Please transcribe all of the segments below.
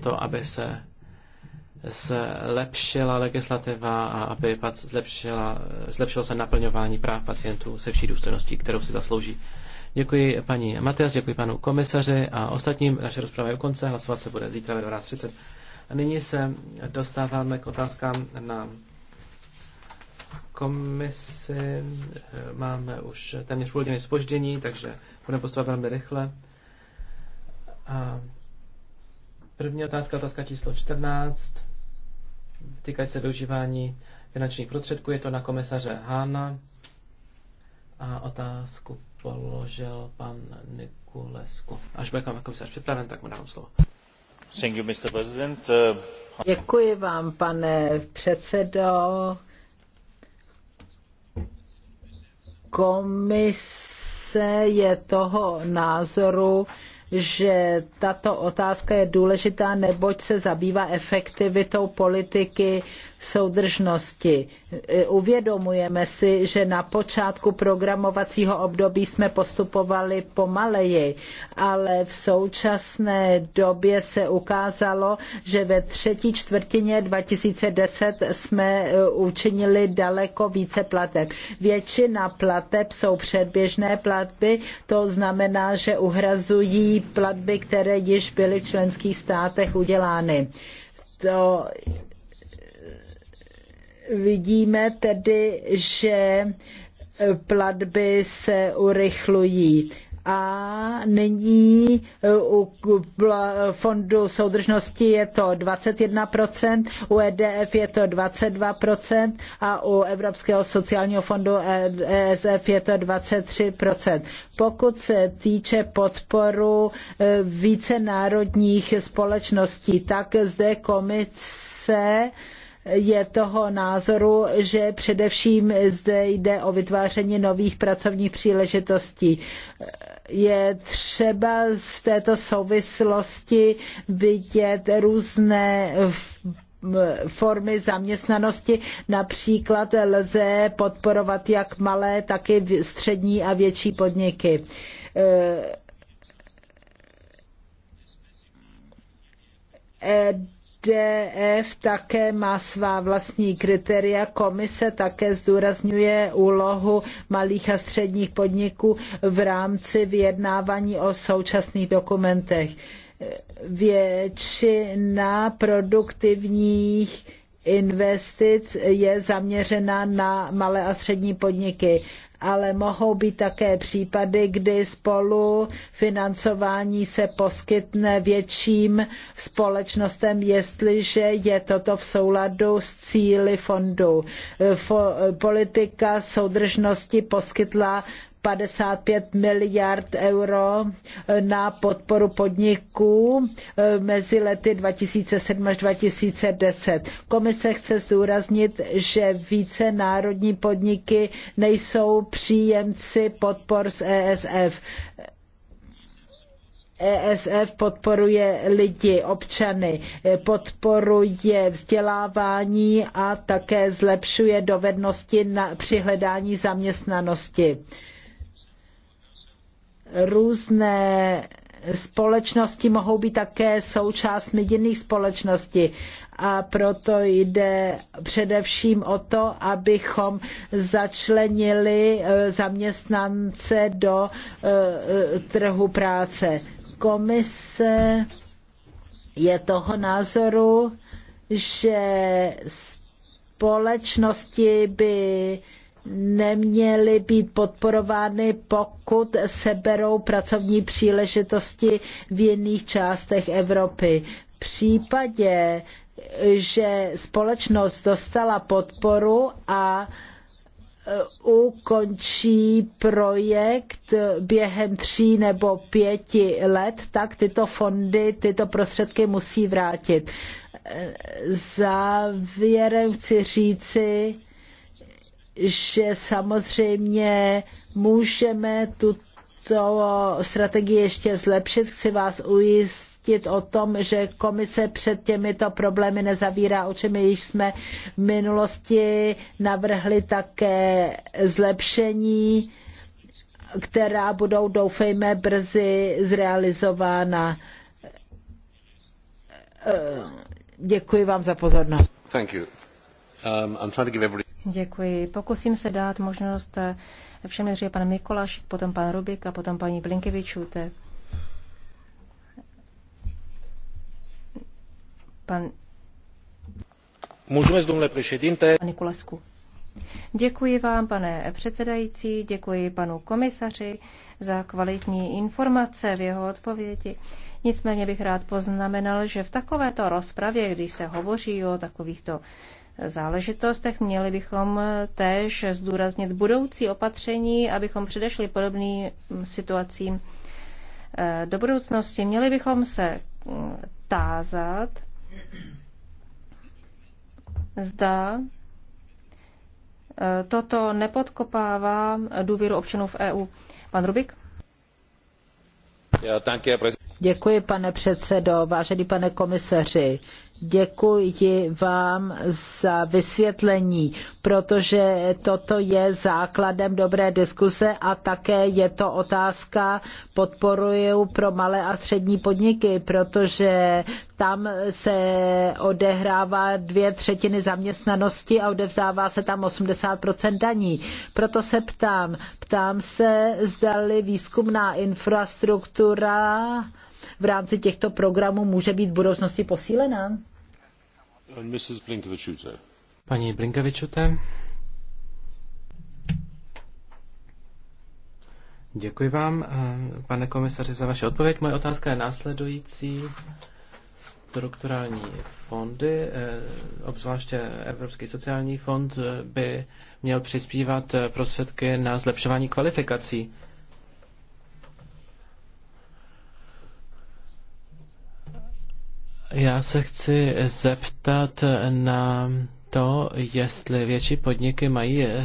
to, aby se zlepšila legislativa a aby zlepšila, zlepšilo se naplňování práv pacientů se vší důstojností, kterou si zaslouží. Děkuji paní Matias, děkuji panu komisaři a ostatním. Naše rozprava je u konce, hlasovat se bude zítra ve 12.30. A nyní se dostáváme k otázkám na komisi. Máme už téměř půl hodiny spoždění, takže budeme postupovat velmi rychle. A První otázka, otázka číslo 14. Týkají se využívání finančních prostředků. Je to na komisaře Hána. A otázku položil pan Nikulesku. Až bude komisař připraven, tak mu dám slovo. Thank you, Mr. President. Děkuji vám, pane předsedo. Komise je toho názoru, že tato otázka je důležitá, neboť se zabývá efektivitou politiky soudržnosti. Uvědomujeme si, že na počátku programovacího období jsme postupovali pomaleji, ale v současné době se ukázalo, že ve třetí čtvrtině 2010 jsme eh, učinili daleko více plateb. Většina plateb jsou předběžné platby, to znamená, že uhrazují platby, které již byly v členských státech udělány. To vidíme tedy, že platby se urychlují a nyní u fondu soudržnosti je to 21%, u EDF je to 22% a u Evropského sociálního fondu ESF je to 23%. Pokud se týče podporu e, vícenárodních společností, tak zde komise je toho názoru, že především zde jde o vytváření nových pracovních příležitostí. Je třeba z této souvislosti vidět různé formy zaměstnanosti. Například lze podporovat jak malé, tak i střední a větší podniky. Eh, HDF také má svá vlastní kritéria. Komise také zdůrazňuje úlohu malých a středních podniků v rámci vyjednávání o současných dokumentech. Většina produktivních investic je zaměřena na malé a střední podniky, ale mohou být také případy, kdy spolu financování se poskytne větším společnostem, jestliže je toto v souladu s cíli fondu. Politika soudržnosti poskytla 55 miliard euro na podporu podniků eh, mezi lety 2007 až 2010. Komise chce zdůraznit, že více národní podniky nejsou příjemci podpor z ESF. ESF podporuje lidi, občany, eh, podporuje vzdělávání a také zlepšuje dovednosti na, při hledání zaměstnanosti různé společnosti mohou být také součástmi jiných společností. A proto jde především o to, abychom začlenili eh, zaměstnance do eh, trhu práce. Komise je toho názoru, že společnosti by neměly být podporovány, pokud seberou pracovní příležitosti v jiných částech Evropy. V případě, že společnost dostala podporu a e, ukončí projekt během tří nebo pěti let, tak tyto fondy, tyto prostředky musí vrátit. E, závěrem chci říci, že samozřejmě můžeme tuto strategii ještě zlepšit. Chci vás ujistit, o tom, že komise před těmito problémy nezavírá oči. My již jsme v minulosti navrhli také zlepšení, která budou, doufejme, brzy zrealizována. Děkuji vám za pozornost. Thank you. Um, I'm trying to give everybody... Děkuji. Pokusím se dát možnost eh, všem nejdříve pan Mikuláš, potom pan Rubik a potom paní Blinkevičůte. Pan Mulțumesc, domnule președinte. Niculescu. Děkuji vám, pane předsedající, děkuji panu komisaři za kvalitní informace v jeho odpovědi. Nicméně bych rád poznamenal, že v takovéto rozpravě, když se hovoří o takovýchto záležitostech. Měli bychom též zdůraznit budoucí opatření, abychom předešli podobným situacím eh, do budoucnosti. Měli bychom se mm, tázat, zda eh, toto nepodkopává důvěru občanů v EU. Pan Rubik? Děkuji, pane předsedo. Vážený pane komisaři, Děkuji vám za vysvětlení, protože toto je základem dobré diskuse a také je to otázka podporuju pro malé a střední podniky, protože tam se odehrává dvě třetiny zaměstnanosti a odevzdává se tam 80% daní. Proto se ptám, ptám se, zdali výzkumná infrastruktura v rámci těchto programů může být v budoucnosti posílena? Paní Blinkevičute. Děkuji vám, eh, pane komisaři, za vaši odpověď. Moje otázka je následující. Strukturální fondy, eh, obzvláště Evropský sociální fond, eh, by měl přispívat prostředky na zlepšování kvalifikací Já se chci zeptat na to, jestli větší podniky mají eh,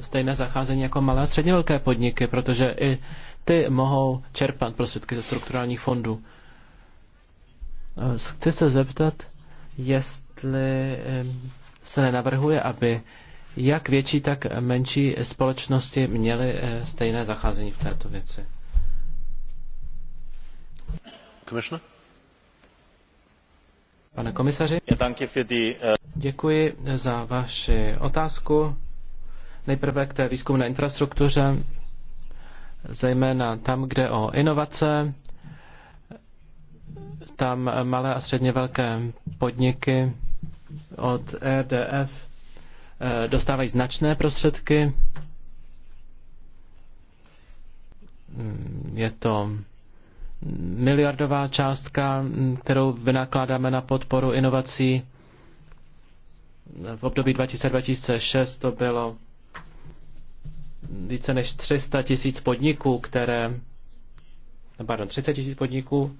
stejné zacházení jako malé a středně velké podniky, protože i ty mohou čerpat prostředky ze strukturálních fondů. Eh, chci se zeptat, jestli eh, se nenavrhuje, aby jak větší, tak menší společnosti měly stejné zacházení v této věci. Commissioner? Pane komisaři, eh, děkuji za vaši otázku. Nejprve k té výzkumné infrastruktuře, zejména tam, kde o inovace, tam malé a středně velké podniky od RDF e eh, dostávají značné prostředky. Mm, je to miliardová částka, kterou vynakládáme na podporu inovací. V období 2006 to bylo více než 300 tisíc podniků, které, pardon, 30 tisíc podniků,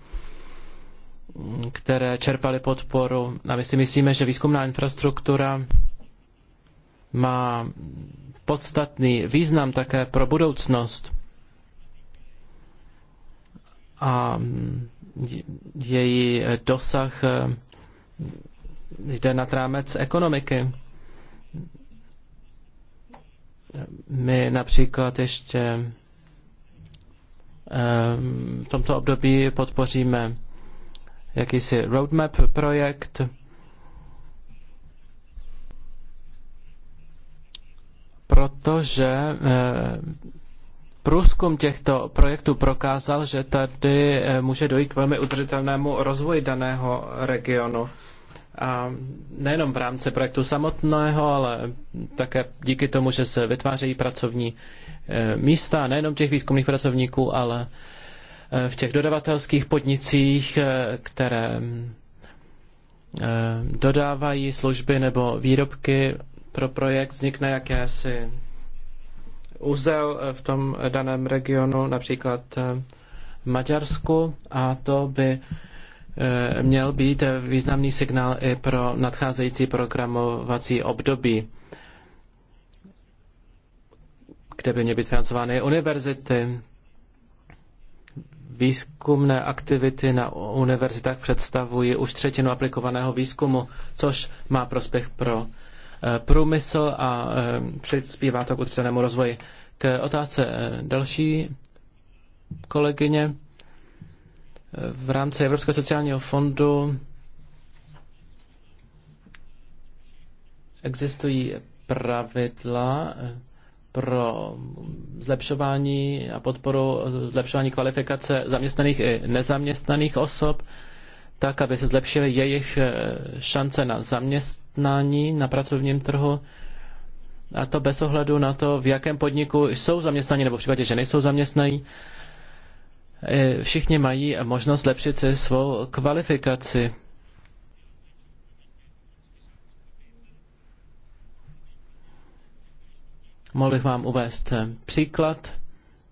které čerpaly podporu. A my si myslíme, že výzkumná infrastruktura má podstatný význam také pro budoucnost a její dosah eh, jde nad rámec ekonomiky. My například ještě eh, v tomto období podpoříme jakýsi roadmap projekt, protože eh, Průzkum těchto projektů prokázal, že tady eh, může dojít k velmi udržitelnému rozvoji daného regionu. A nejenom v rámci projektu samotného, ale také díky tomu, že se vytvářejí pracovní eh, místa, nejenom těch výzkumných pracovníků, ale eh, v těch dodavatelských podnicích, které mm, dodávají služby nebo výrobky pro projekt, vznikne jakési uzel eh, v tom daném regionu, například eh, v Maďarsku, a to by eh, měl být významný signál i pro nadcházející programovací období, kde by měly být financovány univerzity, výzkumné aktivity na univerzitách představují už třetinu aplikovaného výzkumu, což má prospěch pro Eh, průmysl a eh, přispívá to k udržitelnému rozvoji. K otázce eh, další kolegyně. V rámci Evropského sociálního fondu existují pravidla pro zlepšování a podporu zlepšování kvalifikace zaměstnaných i nezaměstnaných osob, tak, aby se zlepšily jejich šance na zaměstnání zaměstnání na pracovním trhu, a to bez ohledu na to, v jakém podniku jsou zaměstnaní, nebo v případě, že nejsou zaměstnaní. E, všichni mají možnost zlepšit si svou kvalifikaci. Mohl bych vám uvést příklad,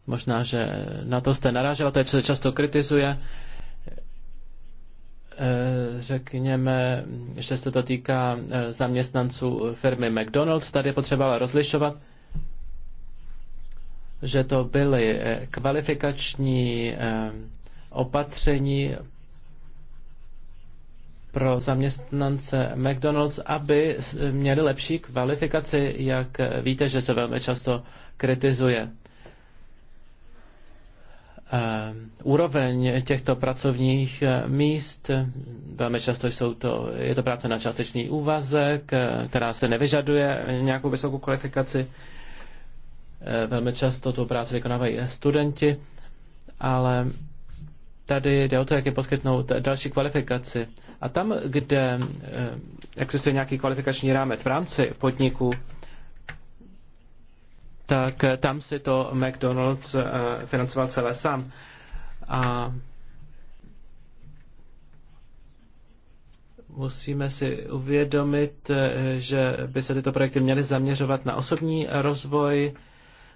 možná, že na to jste narážel, to se často kritizuje, Eh, řekněme, že se to týká eh, zaměstnanců firmy McDonald's, tady je potřeba rozlišovat, že to byly eh, kvalifikační opatření pro zaměstnance McDonald's, aby měli lepší kvalifikaci, jak víte, že se velmi často kritizuje. Eh, úroveň těchto pracovních eh, míst. Velmi často jsou to, je to práce na částečný úvazek, eh, která se nevyžaduje nějakou vysokou kvalifikaci. Velmi často tu práci vykonávají studenti, ale tady jde o to, jak je poskytnout další kvalifikaci. A tam, kde existuje nějaký kvalifikační rámec v rámci podniku, tak tam si to McDonald's eh, financoval celé sám. A musíme si uvědomit, eh, že by se tyto projekty měly zaměřovat na osobní rozvoj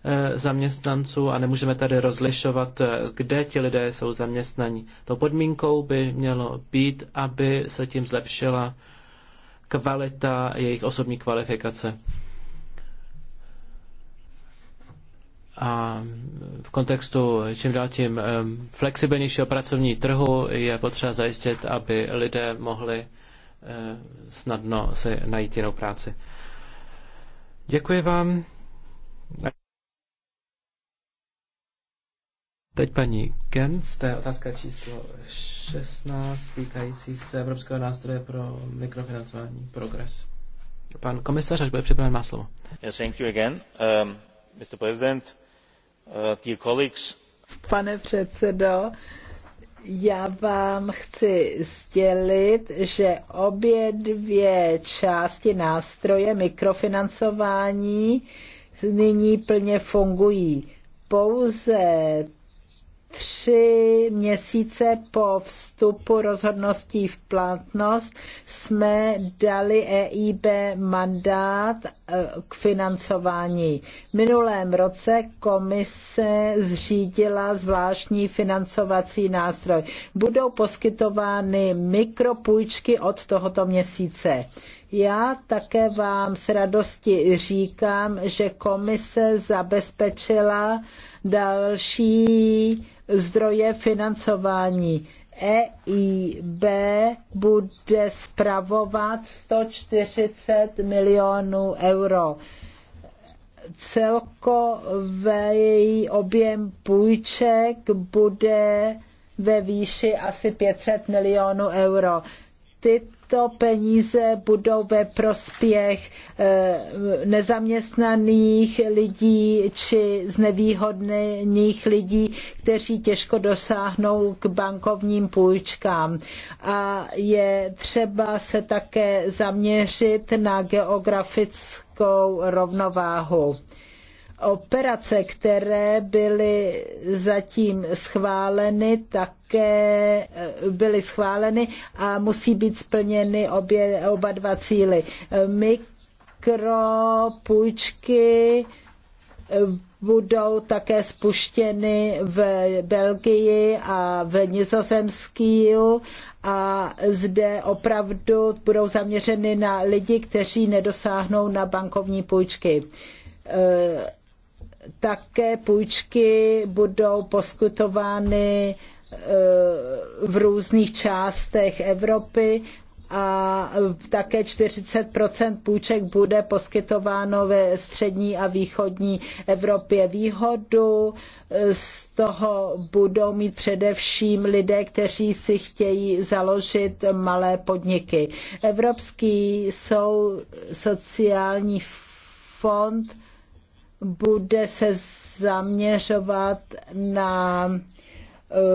eh, zaměstnanců a nemůžeme tady rozlišovat, kde ti lidé jsou zaměstnaní. To podmínkou by mělo být, aby se tím zlepšila kvalita jejich osobní kvalifikace. A v kontextu čím dál tím eh, flexibilnějšího pracovní trhu je potřeba zajistit, aby lidé mohli eh, snadno si najít jinou práci. Děkuji vám. Teď paní Kent, to je otázka číslo 16, týkající se Evropského nástroje pro mikrofinancování Progres. Pan komisař, až bude připraven, má slovo. Yes, thank you again, um, Mr. President. Eh, Pane předsedající, já vám chci sdělit, že obě dvě části nástroje mikrofinancování nyní plně fungují. Pouze tři měsíce po vstupu rozhodností v platnost jsme dali EIB mandát eh, k financování. V minulém roce komise zřídila zvláštní financovací nástroj. Budou poskytovány mikropůjčky od tohoto měsíce. Já také vám s radostí říkám, že komise zabezpečila další zdroje financování. EIB bude spravovat 140 milionů euro. Celkový objem půjček bude ve výši asi 500 milionů euro tyto peníze budou ve prospěch eh, nezaměstnaných lidí či znevýhodněných lidí, kteří těžko dosáhnou k bankovním půjčkám. A je třeba se také zaměřit na geografickou rovnováhu operace, které byly zatím schváleny, také eh, byly schváleny a musí být splněny obě, oba dva cíly. Mikropůjčky eh, budou také spuštěny v Belgii a v Nizozemsku a zde opravdu budou zaměřeny na lidi, kteří nedosáhnou na bankovní půjčky eh, také půjčky budou poskytovány eh, v různých částech Evropy a také 40 půjček bude poskytováno ve střední a východní Evropě výhodu. Eh, z toho budou mít především lidé, kteří si chtějí založit malé podniky. Evropský sociální fond bude se zaměřovat na e,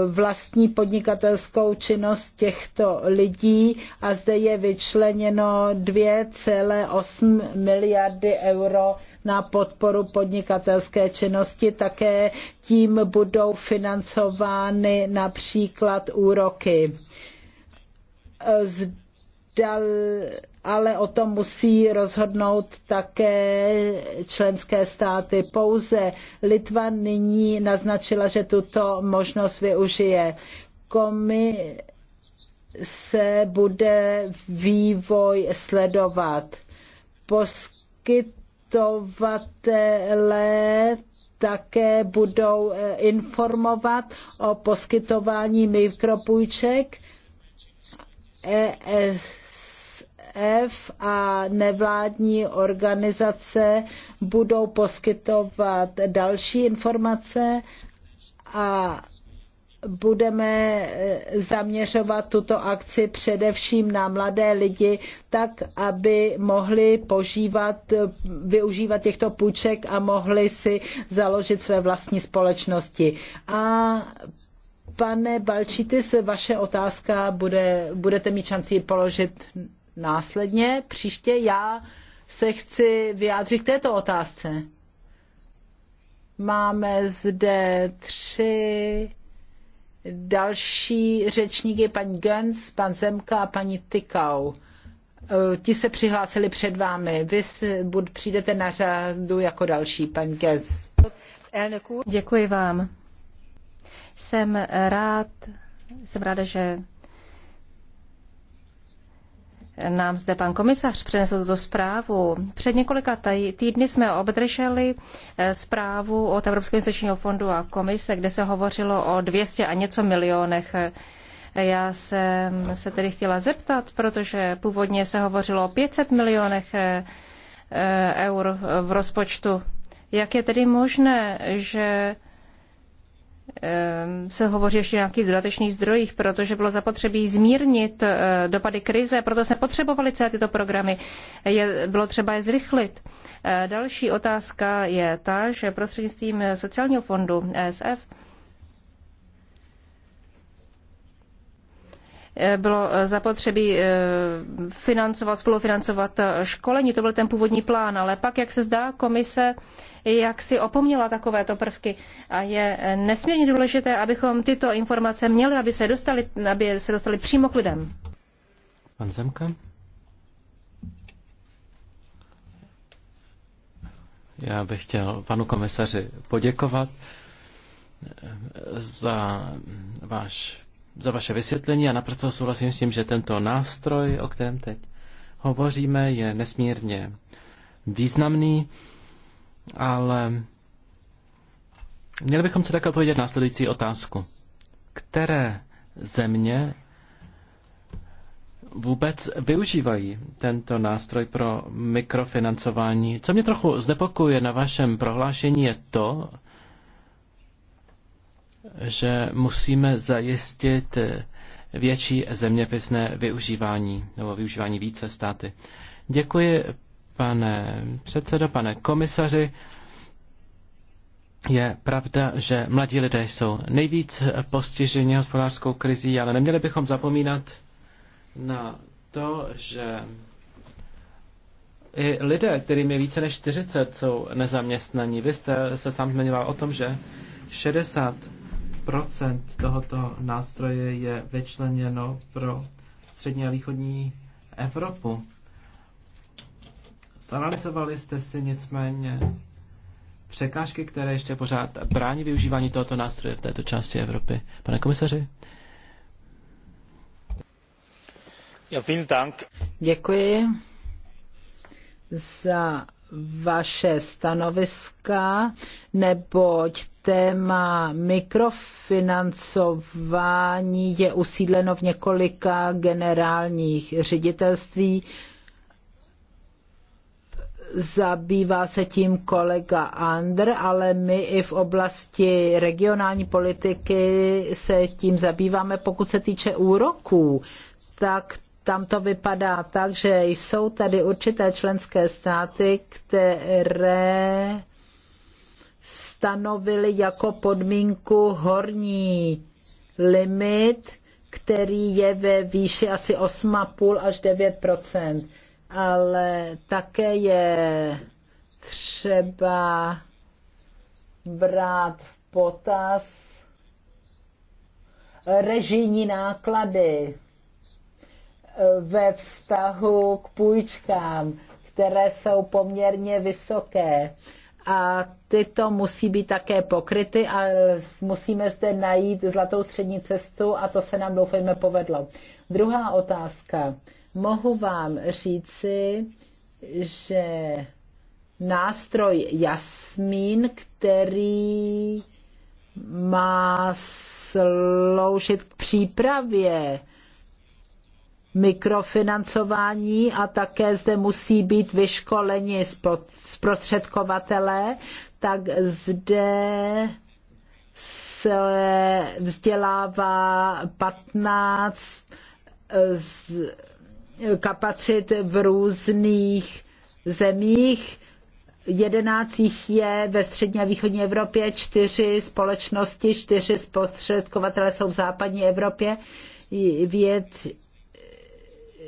vlastní podnikatelskou činnost těchto lidí a zde je vyčleněno 2,8 miliardy euro na podporu podnikatelské činnosti. Také tím budou financovány například úroky. Zde dal, ale o tom musí rozhodnout také členské státy. Pouze Litva nyní naznačila, že tuto možnost využije. Komi se bude vývoj sledovat. Poskytovatelé také budou eh, informovat o poskytování mikropůjček ES IPPF a nevládní organizace budou poskytovat další informace a budeme eh, zaměřovat tuto akci především na mladé lidi, tak aby mohli požívat, využívat těchto půjček a mohli si založit své vlastní společnosti. A pane Balčitis, vaše otázka bude, budete mít šanci položit následně příště já se chci vyjádřit k této otázce. Máme zde tři další řečníky, paní Gens, pan Zemka a paní Tykau. Eh, ti se přihlásili před vámi. Vy přijdete na řadu jako další, paní Gens. Děkuji vám. Jsem rád, jsem ráda, že nám zde pan komisař přinesl tuto zprávu. Před několika týdny jsme obdrželi eh, zprávu od Evropského investičního fondu a komise, kde se hovořilo o 200 a něco milionech. Já jsem se tedy chtěla zeptat, protože původně se hovořilo o 500 milionech eh, eh, eur v rozpočtu. Jak je tedy možné, že Ehm, se hovoří ještě o nějakých dodatečných zdrojích, protože bylo zapotřebí zmírnit eh, dopady krize, proto se potřebovaly celé tyto programy, je, bylo třeba je zrychlit. Eh, další otázka je ta, že prostřednictvím eh, sociálního fondu SF. Eh, bylo eh, zapotřebí eh, financovat, spolufinancovat školení, to byl ten původní plán, ale pak, jak se zdá, komise jak si opomněla takovéto prvky a je nesmírně důležité, abychom tyto informace měli, aby se dostali, aby se dostali přímo k lidem. Pan Zemka? Já bych chtěl panu komisaři poděkovat za váš za vaše vysvětlení a naprosto souhlasím s tím, že tento nástroj, o kterém teď hovoříme, je nesmírně významný, ale měli bychom se také odpovědět následující otázku. Které země vůbec využívají tento nástroj pro mikrofinancování. Co mě trochu znepokuje na vašem prohlášení je to, že musíme zajistit větší zeměpisné využívání nebo využívání více státy. Děkuji, pane předsedo, pane komisaři. Je pravda, že mladí lidé jsou nejvíc postiženi hospodářskou krizí, ale neměli bychom zapomínat na to, že i lidé, kterým je více než 40, jsou nezaměstnaní. Vy jste se sám zmiňoval o tom, že 60 tohoto nástroje je vyčleněno pro střední a východní Evropu. Zanalizovali jste si nicméně překážky, které ještě pořád brání využívání tohoto nástroje v této části Evropy. Pane komisaři? Děkuji za vaše stanoviska, neboť téma mikrofinancování je usídleno v několika generálních ředitelství. Zabývá se tím kolega Andr, ale my i v oblasti regionální politiky se tím zabýváme. Pokud se týče úroků, tak tam to vypadá tak, že jsou tady určité členské státy, které stanovili jako podmínku horní limit, který je ve výši asi 8,5 až 9 ale také je třeba brát v potaz režijní náklady eh, ve vztahu k půjčkám, které jsou poměrně vysoké a tyto musí být také pokryty a musíme zde najít zlatou střední cestu a to se nám doufejme povedlo. Druhá otázka. Mohu vám říci, že nástroj Jasmín, který má sloužit k přípravě mikrofinancování a také zde musí být vyškoleni zprostředkovatelé, tak zde se vzdělává 15 kapacit v různých zemích. Jedenáct jich je ve střední a východní Evropě, čtyři společnosti, čtyři spostředkovatele jsou v západní Evropě. Věd,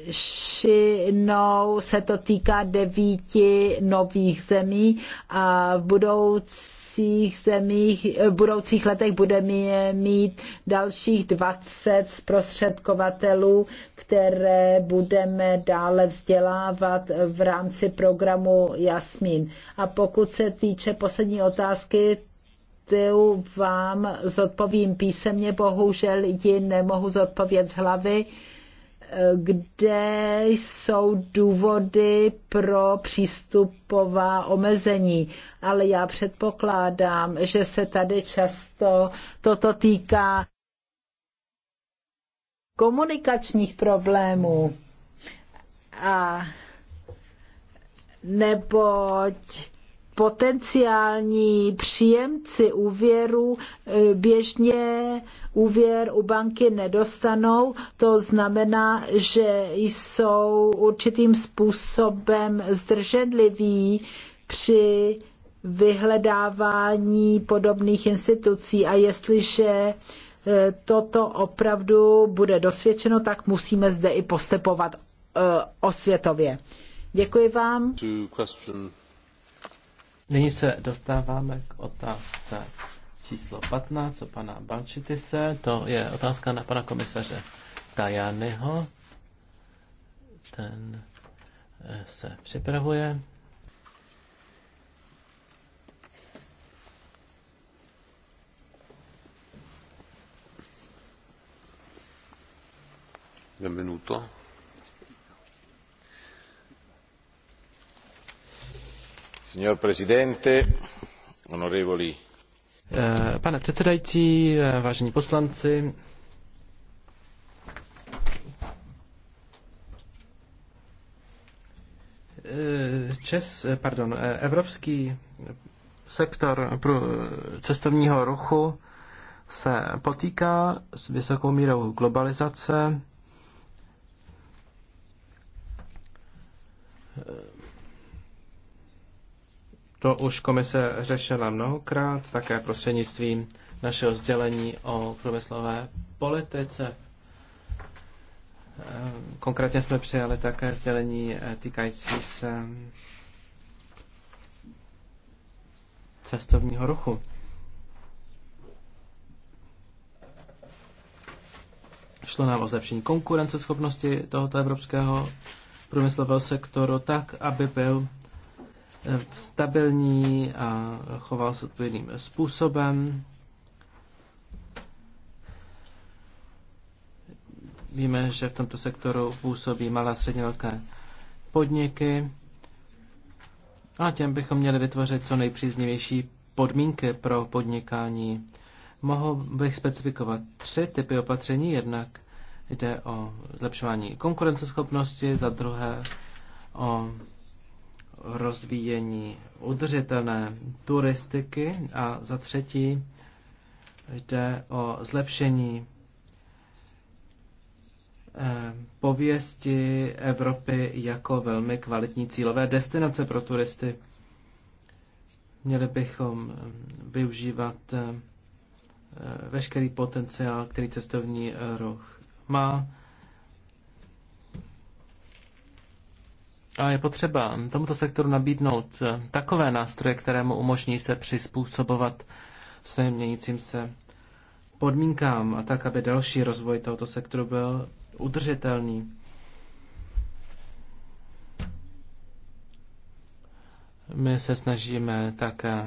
většinou se to týká devíti nových zemí a v budoucích zemích, v budoucích letech budeme mít dalších 20 zprostředkovatelů, které budeme dále vzdělávat v rámci programu Jasmin. A pokud se týče poslední otázky, tu vám zodpovím písemně, bohužel ji nemohu zodpovědět z hlavy kde jsou důvody pro přístupová omezení. Ale já předpokládám, že se tady často toto týká komunikačních problémů. A neboť potenciální příjemci úvěru e, běžně úvěr u banky nedostanou. To znamená, že jsou určitým způsobem zdrženliví při vyhledávání podobných institucí a jestliže e, toto opravdu bude dosvědčeno, tak musíme zde i postupovat e, osvětově. Děkuji vám. Nyní se dostáváme k otázce číslo 15 od pana Balčitise. To je otázka na pana komisaře Tajanyho. Ten eh, se připravuje. Benvenuto. Eh, pane předsedající, eh, vážení poslanci, eh, Čes, pardon, evropský sektor cestovního ruchu se potýká s vysokou mírou globalizace. To už komise řešila mnohokrát, také prostřednictvím našeho sdělení o průmyslové politice. Eh, konkrétně jsme přijali také sdělení eh, týkající se cestovního ruchu. Šlo nám o zlepšení konkurenceschopnosti tohoto evropského průmyslového sektoru tak, aby byl stabilní a choval se odpovědným způsobem. Víme, že v tomto sektoru působí malé a středně velké podniky a těm bychom měli vytvořit co nejpříznivější podmínky pro podnikání. Mohl bych specifikovat tři typy opatření. Jednak jde o zlepšování konkurenceschopnosti, za druhé o rozvíjení udržitelné turistiky a za třetí jde o zlepšení eh, pověsti Evropy jako velmi kvalitní cílové destinace pro turisty. Měli bychom eh, využívat eh, veškerý potenciál, který cestovní ruch má A je potřeba tomuto sektoru nabídnout eh, takové nástroje, které mu umožní se přizpůsobovat se měnícím se podmínkám a tak, aby další rozvoj tohoto sektoru byl udržitelný. My se snažíme také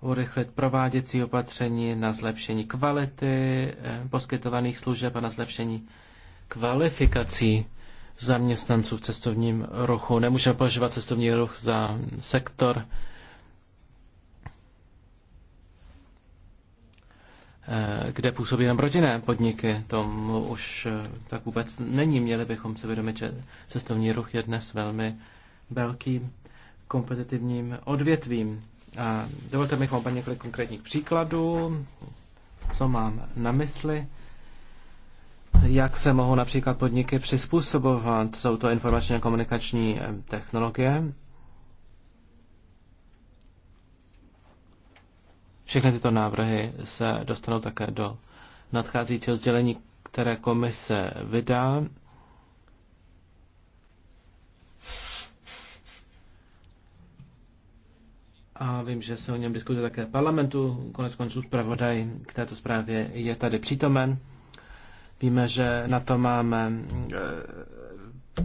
urychlit prováděcí opatření na zlepšení kvality eh, poskytovaných služeb a na zlepšení kvalifikací zaměstnanců v cestovním ruchu. Nemůžeme považovat cestovní ruch za sektor, eh, kde působí jenom rodinné podniky. Tomu už eh, tak vůbec není. Měli bychom se vědomit, že cestovní ruch je dnes velmi velkým kompetitivním odvětvím. A dovolte mi vám několik konkrétních příkladů, co mám na mysli jak se mohou například podniky přizpůsobovat. Jsou to informačně komunikační eh, technologie. Všechny tyto návrhy se dostanou také do nadcházejícího sdělení, které komise vydá. A vím, že se o něm diskutuje také v parlamentu. Konec konců zpravodaj k této zprávě je tady přítomen. Víme, že na to máme eh,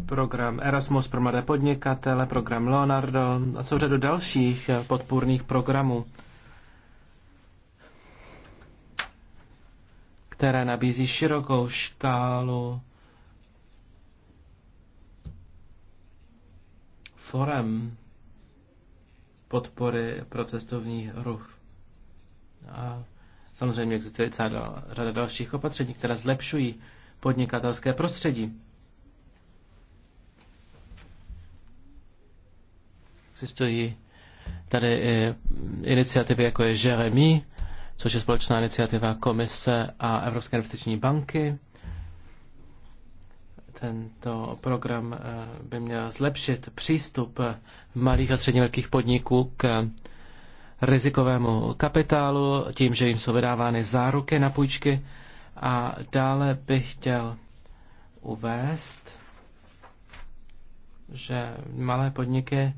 program Erasmus pro mladé podnikatele, program Leonardo a co řadu dalších eh, podpůrných programů, které nabízí širokou škálu forem podpory pro cestovní ruch. A Samozřejmě existuje celá řada dalších opatření, která zlepšují podnikatelské prostředí. Existují tady i iniciativy, jako je Jeremy, což je společná iniciativa Komise a Evropské investiční banky. Tento program eh, by měl zlepšit přístup malých a středně velkých podniků k rizikovému kapitálu, tím, že jim jsou vydávány záruky na půjčky. A dále bych chtěl uvést, že malé podniky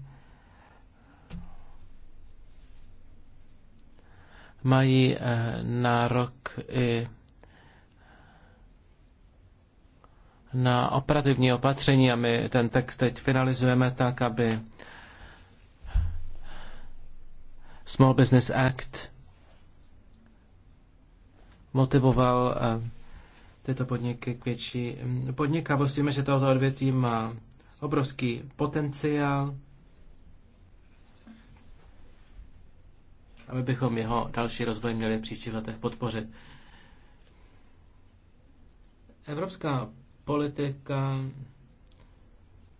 mají eh, nárok i na operativní opatření a my ten text teď finalizujeme tak, aby Small Business Act motivoval eh, tyto podniky k větší mm, podnikavosti. Víme, že tohoto odvětví má obrovský potenciál a bychom jeho další rozvoj měli v příštích letech podpořit. Evropská politika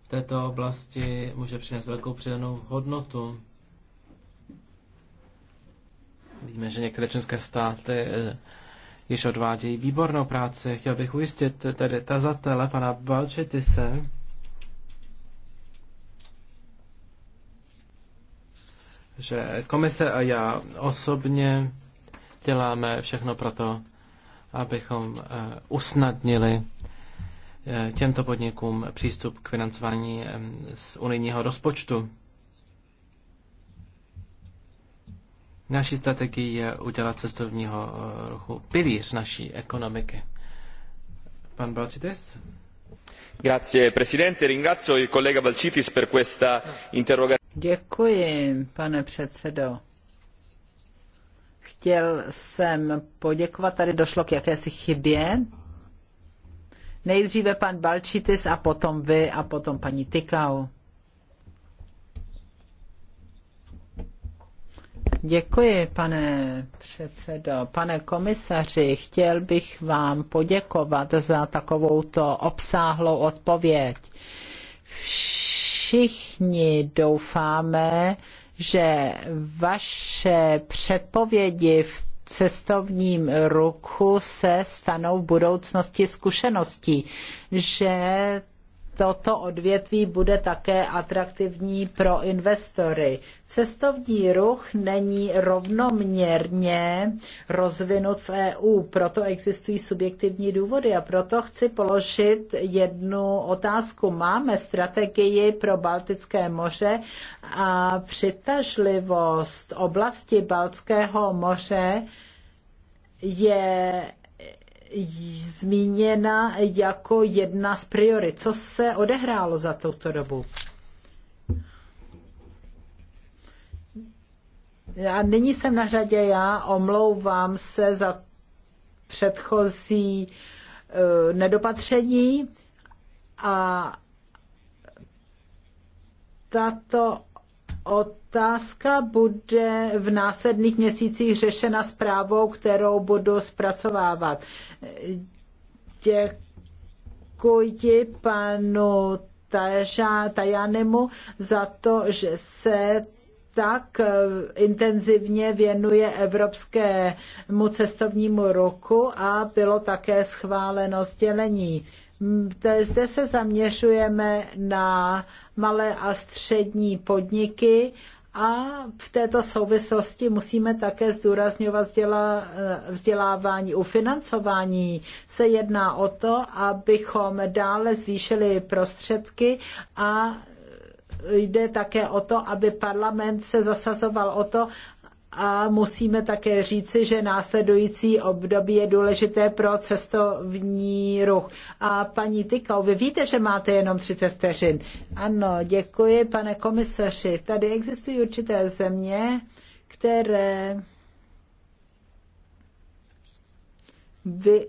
v této oblasti může přinést velkou přidanou hodnotu. Víme, že některé členské státy eh, již odvádějí výbornou práci. Chtěl bych ujistit tedy tazatele pana Balčetise, že komise a já osobně děláme všechno pro to, abychom eh, usnadnili eh, těmto podnikům přístup k financování z unijního rozpočtu. Naší strategií je udělat cestovního eh, ruchu pilíř naší ekonomiky. Pan Balčitis? Grazie Presidente, ringrazio il collega Balcitis per questa interrogazione. Děkuji, pane předsedo. Chtěl jsem poděkovat, tady došlo k jakési chybě. Nejdříve pan Balčitis a potom vy a potom paní Tykau. Děkuji, pane předsedo. Pane komisaři, chtěl bych vám poděkovat za takovouto obsáhlou odpověď. Všichni doufáme, že vaše předpovědi v cestovním ruchu se stanou v budoucnosti zkušeností, že toto odvětví bude také atraktivní pro investory. Cestovní ruch není rovnoměrně rozvinut v EU, proto existují subjektivní důvody a proto chci položit jednu otázku. Máme strategii pro Baltické moře a přitažlivost oblasti Baltského moře je zmíněna jako jedna z priorit. Co se odehrálo za touto dobu? Já nyní jsem na řadě já, omlouvám se za předchozí uh, nedopatření a tato od otázka bude v následných měsících řešena zprávou, kterou budu zpracovávat. Děkuji panu Tajanemu za to, že se tak intenzivně věnuje evropskému cestovnímu roku a bylo také schváleno sdělení. Zde se zaměřujeme na malé a střední podniky a v této souvislosti musíme také zdůrazňovat eh, vzdělávání. U financování se jedná o to, abychom dále zvýšili prostředky a jde také o to, aby parlament se zasazoval o to, a musíme také říci, že následující období je důležité pro cestovní ruch. A paní Tykau, vy víte, že máte jenom 30 vteřin. Ano, děkuji, pane komisaři. Tady existují určité země, které vy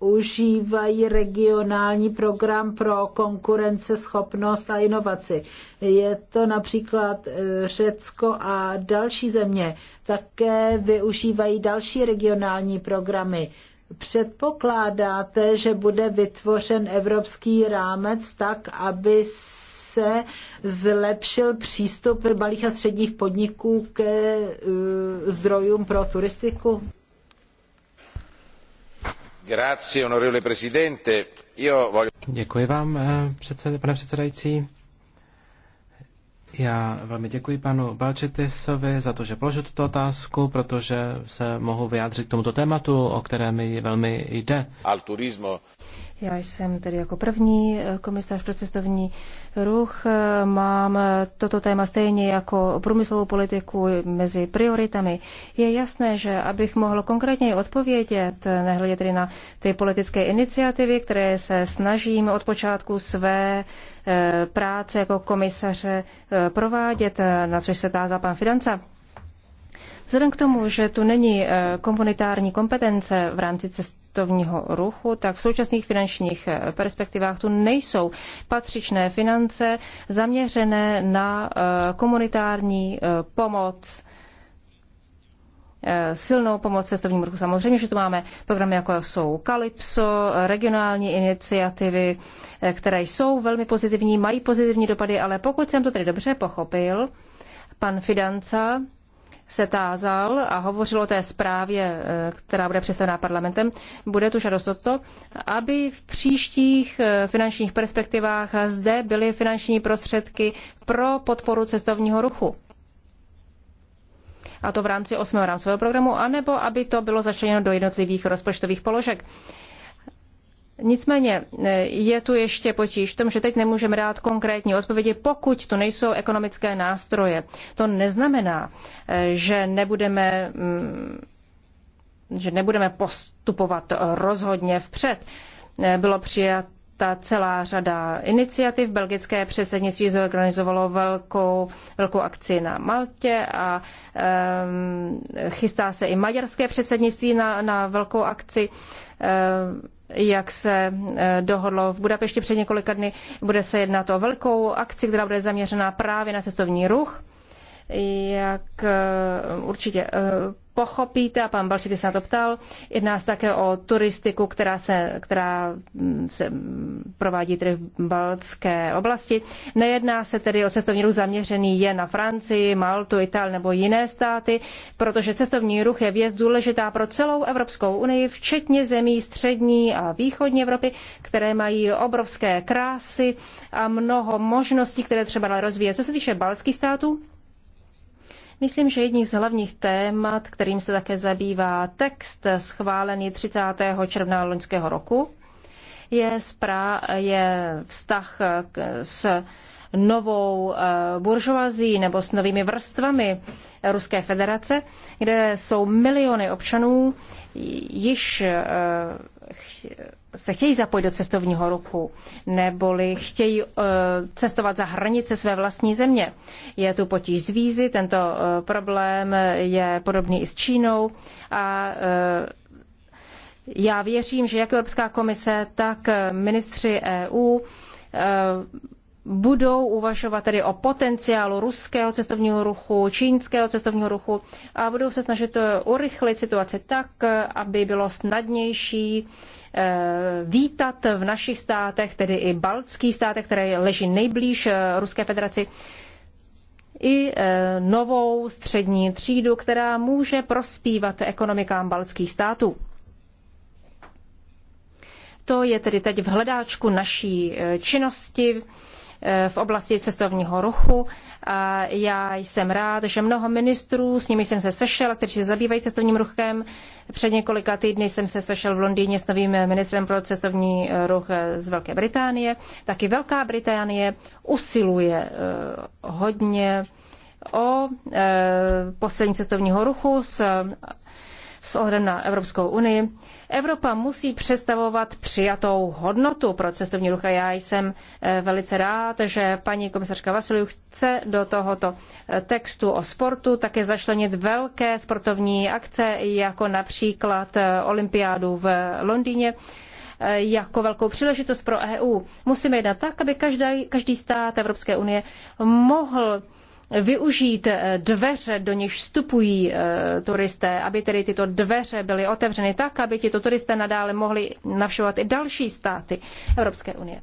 užívají regionální program pro konkurenceschopnost a inovaci. Je to například eh, Řecko a další země. Také využívají další regionální programy. Předpokládáte, že bude vytvořen evropský rámec tak, aby se zlepšil přístup malých a středních podniků ke eh, zdrojům pro turistiku? Děkuji vám, eh, pane předsedající. Já velmi děkuji panu Balčetisovi za to, že položil tuto otázku, protože se mohu vyjádřit k tomuto tématu, o kterém mi velmi jde. Já jsem tedy jako první eh, komisař pro cestovní ruch. Eh, Mám eh, toto téma stejně jako průmyslovou politiku mezi prioritami. Je jasné, že abych mohl konkrétně odpovědět, nehledě tedy na ty politické iniciativy, které se snažím od počátku své práce jako komisaře provádět, na což se tázá pan Fidanca, Vzhledem k tomu, že tu není komunitární kompetence v rámci cest, cestovního ruchu, tak v současných finančních eh, perspektivách tu nejsou patřičné finance zaměřené na eh, komunitární eh, pomoc silnou pomoc cestovnímu ruchu. Samozřejmě, že tu máme programy, jako jsou Kalypso, regionální iniciativy, které jsou velmi pozitivní, mají pozitivní dopady, ale pokud jsem to tedy dobře pochopil, pan Fidanca se tázal a hovořil o té zprávě, eh, která bude představená parlamentem, bude tu žádost o to, aby v příštích eh, finančních perspektivách zde byly finanční prostředky pro podporu cestovního ruchu. A to v rámci osmého rámcového programu, anebo aby to bylo začleněno do jednotlivých rozpočtových položek. Nicméně e, je tu ještě potíž v tom, že teď nemůžeme dát konkrétní odpovědi, pokud tu nejsou ekonomické nástroje. To neznamená, e, že nebudeme, mm, že nebudeme postupovat rozhodně vpřed. E, bylo přijata celá řada iniciativ. Belgické předsednictví zorganizovalo velkou, velkou akci na Maltě a um, chystá se i maďarské předsednictví na, na velkou akci. Um, jak se eh, dohodlo v Budapešti před několika dny, bude se jednat o velkou akci, která bude zaměřena právě na cestovní ruch jak eh, určitě eh, pochopíte, a pan Balčity se na to ptal, jedná se také o turistiku, která se, která mm, se provádí tedy v Baltské oblasti. Nejedná se tedy o cestovní ruch zaměřený je na Francii, Maltu, Itálii nebo jiné státy, protože cestovní ruch je věc důležitá pro celou Evropskou unii, včetně zemí střední a východní Evropy, které mají obrovské krásy a mnoho možností, které třeba rozvíjet. Co se týče baltských států, Myslím, že jedním z hlavních témat, kterým se také zabývá text schválený 30. června loňského roku, je, zprá- je vztah k, s novou eh, buržoazí nebo s novými vrstvami Ruské federace, kde jsou miliony občanů, již eh, se chtějí zapojit do cestovního ruchu, neboli chtějí eh, cestovat za hranice své vlastní země. Je tu potíž z vízy, tento problém je podobný i s Čínou a já věřím, že jak Evropská komise, tak ministři EU budou uvažovat tedy o potenciálu ruského cestovního ruchu, čínského cestovního ruchu a budou se snažit eh, urychlit situaci tak, eh, aby bylo snadnější eh, vítat v našich státech, tedy i baltských státech, které leží nejblíž Ruské federaci, i novou střední třídu, která může prospívat ekonomikám baltských států. To je tedy teď v hledáčku naší činnosti Eh, v oblasti cestovního ruchu. A já jsem rád, že mnoho ministrů, s nimi jsem se sešel, kteří se zabývají cestovním ruchem. Před několika týdny jsem se sešel v Londýně s novým ministrem pro cestovní ruch z Velké Británie. Taky Velká Británie usiluje eh, hodně o eh, poslední cestovního ruchu s s ohledem na Evropskou unii. Evropa musí představovat přijatou hodnotu pro cestovní ruch a já jsem eh, velice rád, že paní komisařka Vasiliu chce do tohoto eh, textu o sportu také začlenit velké sportovní akce, jako například eh, olympiádu v Londýně jako velkou příležitost pro EU. Musíme jednat tak, aby každý, každý stát Evropské unie mohl využít eh, dveře, do nich vstupují eh, turisté, aby tedy tyto dveře byly otevřeny tak, aby tito turisté nadále mohli navštěvovat i další státy Evropské unie.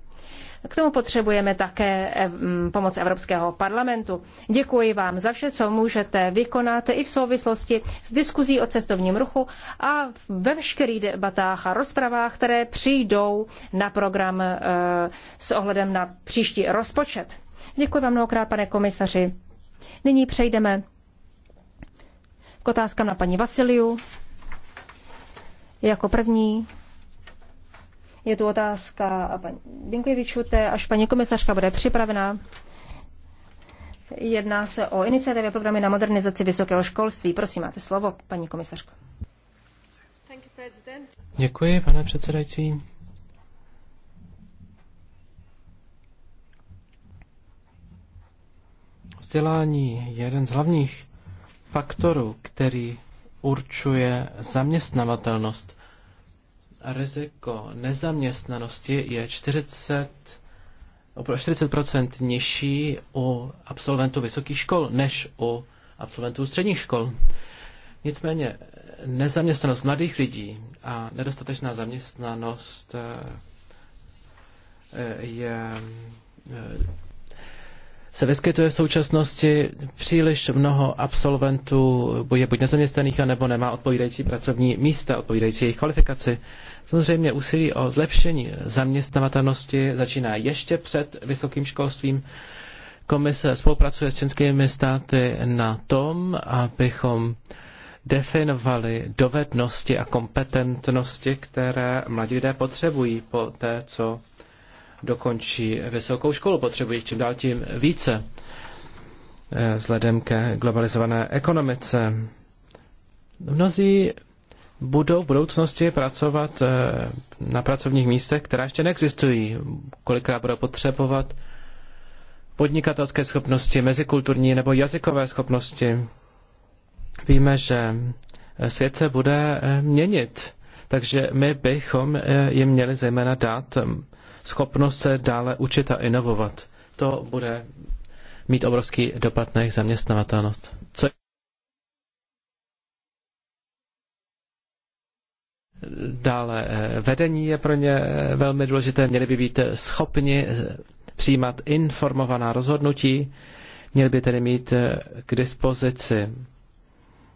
K tomu potřebujeme také eh, pomoc Evropského parlamentu. Děkuji vám za vše, co můžete vykonat i v souvislosti s diskuzí o cestovním ruchu a ve veškerých debatách a rozpravách, které přijdou na program s ohledem na příští rozpočet. Děkuji vám mnohokrát, pane komisaři. Nyní přejdeme k otázkám na paní Vasiliu. Jako první je tu otázka a paní Binklivičute, až paní komisařka bude připravená. Jedná se o iniciativě programy na modernizaci vysokého školství. Prosím, máte slovo, paní komisařko. Děkuji, pane předsedající. vzdělání je jeden z hlavních faktorů, který určuje zaměstnavatelnost. Riziko nezaměstnanosti je 40 40 nižší u absolventů vysokých škol než u absolventů středních škol. Nicméně nezaměstnanost mladých lidí a nedostatečná zaměstnanost eh, je eh, se vyskytuje v současnosti příliš mnoho absolventů, je buď nezaměstnaných, anebo nemá odpovídající pracovní místa, odpovídající jejich kvalifikaci. Samozřejmě úsilí o zlepšení zaměstnavatelnosti začíná ještě před vysokým školstvím. Komise spolupracuje s českými státy na tom, abychom definovali dovednosti a kompetentnosti, které mladí lidé potřebují po té, co dokončí vysokou školu. Potřebují čím dál tím více eh, vzhledem ke globalizované ekonomice. Mnozí budou v budoucnosti pracovat eh, na pracovních místech, která ještě neexistují. Kolikrát budou potřebovat podnikatelské schopnosti, mezikulturní nebo jazykové schopnosti. Víme, že eh, svět se bude měnit, takže my bychom jim měli zejména dát schopnost se dále učit a inovovat. To bude mít obrovský dopad na jejich zaměstnavatelnost. Co Dále eh, vedení je pro ně eh, velmi důležité. Měli by být eh, schopni přijímat informovaná rozhodnutí, měli by tedy mít k dispozici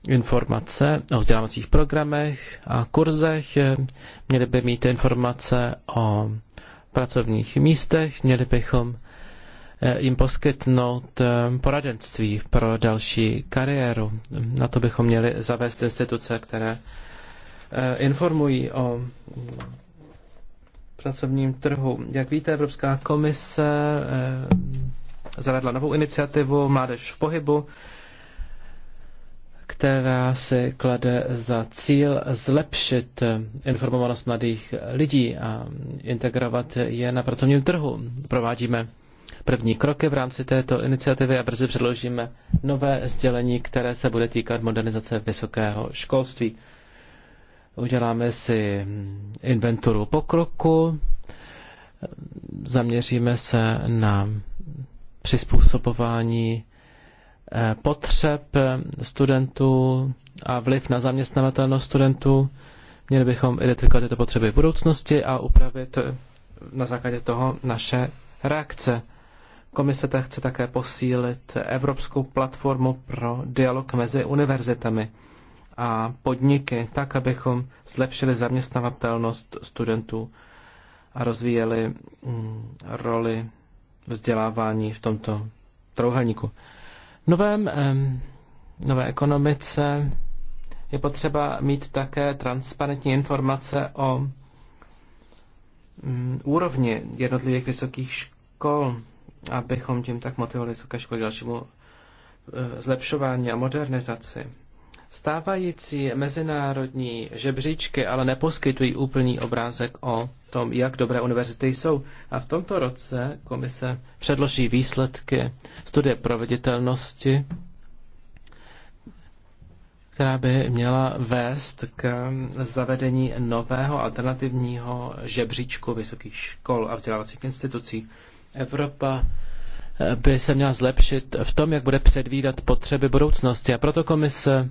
informace o vzdělávacích programech a kurzech, měli by mít informace o pracovních místech. Měli bychom eh, jim poskytnout eh, poradenství pro další kariéru. Na to bychom měli zavést instituce, které eh, informují o mm, pracovním trhu. Jak víte, Evropská komise zavedla novou iniciativu Mládež v pohybu, která se klade za cíl zlepšit eh, informovanost mladých lidí a integrovat je na pracovním trhu. Provádíme první kroky v rámci této iniciativy a brzy předložíme nové sdělení, které se bude týkat modernizace vysokého školství. Uděláme si inventuru pokroku, zaměříme se na přizpůsobování Eh, potřeb studentů a vliv na zaměstnavatelnost studentů. Měli bychom identifikovat tyto potřeby v budoucnosti a upravit na základě toho naše reakce. Komise ta chce také posílit Evropskou platformu pro dialog mezi univerzitami a podniky, tak abychom zlepšili zaměstnavatelnost studentů a rozvíjeli mm, roli vzdělávání v tomto trouhelníku novém, nové ekonomice je potřeba mít také transparentní informace o mm, úrovni jednotlivých vysokých škol, abychom tím tak motivovali vysoké školy dalšímu e, zlepšování a modernizaci. Stávající mezinárodní žebříčky ale neposkytují úplný obrázek o tom, jak dobré univerzity jsou. A v tomto roce komise předloží výsledky studie proveditelnosti, která by měla vést k zavedení nového alternativního žebříčku vysokých škol a vzdělávacích institucí. Evropa eh, by se měla zlepšit v tom, jak bude předvídat potřeby budoucnosti. A proto komise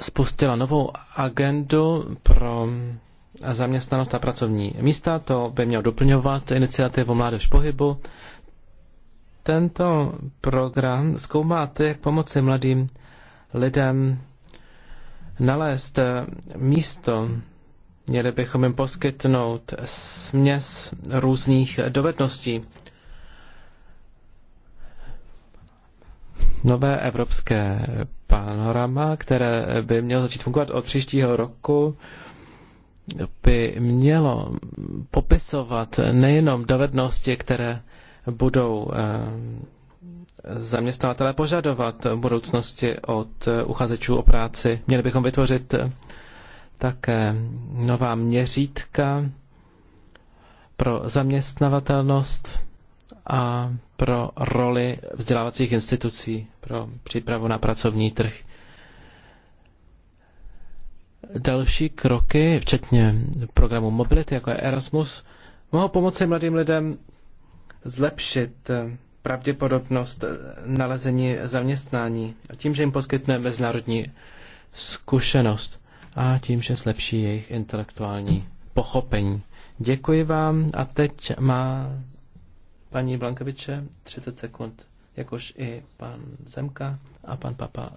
spustila novou agendu pro zaměstnanost a pracovní místa. To by mělo doplňovat iniciativu Mládež pohybu. Tento program zkoumá ty, jak pomoci mladým lidem nalézt místo. Měli bychom jim poskytnout směs různých dovedností. Nové evropské panorama, které by mělo začít fungovat od příštího roku, by mělo popisovat nejenom dovednosti, které budou eh, zaměstnavatelé požadovat v budoucnosti od eh, uchazečů o práci. Měli bychom vytvořit eh, také nová měřítka pro zaměstnavatelnost a pro roli vzdělávacích institucí pro přípravu na pracovní trh. Další kroky, včetně programu Mobility, jako je Erasmus, mohou pomoci mladým lidem zlepšit eh, pravděpodobnost eh, nalezení zaměstnání a tím, že jim poskytne mezinárodní zkušenost a tím, že zlepší jejich intelektuální pochopení. Děkuji vám a teď má Paní Blankoviče, 30 sekund, jakož i pan Zemka a pan Papa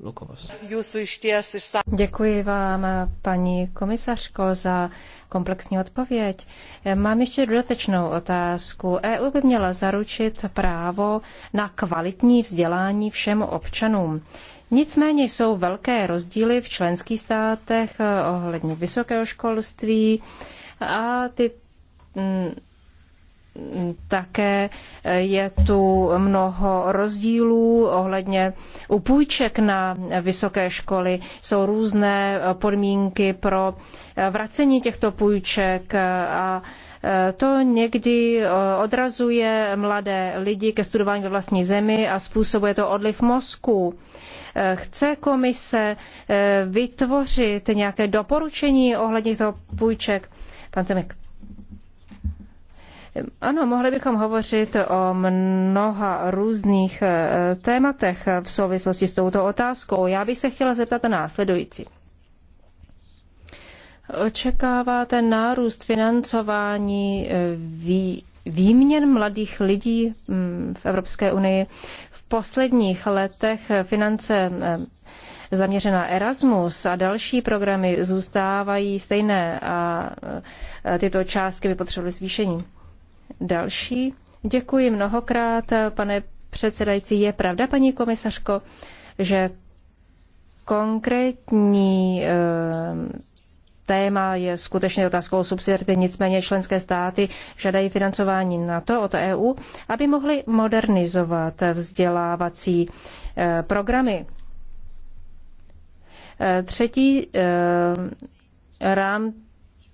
Lukovos. Děkuji vám, paní komisařko, za komplexní odpověď. Mám ještě dodatečnou otázku. EU by měla zaručit právo na kvalitní vzdělání všem občanům. Nicméně jsou velké rozdíly v členských státech ohledně vysokého školství a ty mm, také je tu mnoho rozdílů ohledně u půjček na vysoké školy. Jsou různé podmínky pro vracení těchto půjček a e, to někdy e, odrazuje mladé lidi ke studování ve vlastní zemi a způsobuje to odliv mozku. E, chce komise vytvořit nějaké doporučení ohledně toho půjček? Pan Cemek? Ano, mohli bychom hovořit o mnoha různých eh, tématech v souvislosti s touto otázkou. Já bych se chtěla zeptat na následující. Očekáváte nárůst financování eh, vý, výměn mladých lidí mm, v Evropské unii? V posledních letech finance eh, zaměřená Erasmus a další programy zůstávají stejné a tyto částky by potřebovaly zvýšení. Další. Děkuji mnohokrát, pane předsedající. Je pravda, paní komisařko, že konkrétní e, téma je skutečně otázkou subsidiarity, nicméně členské státy žádají financování na to od EU, aby mohly modernizovat vzdělávací e, programy. E, třetí rám,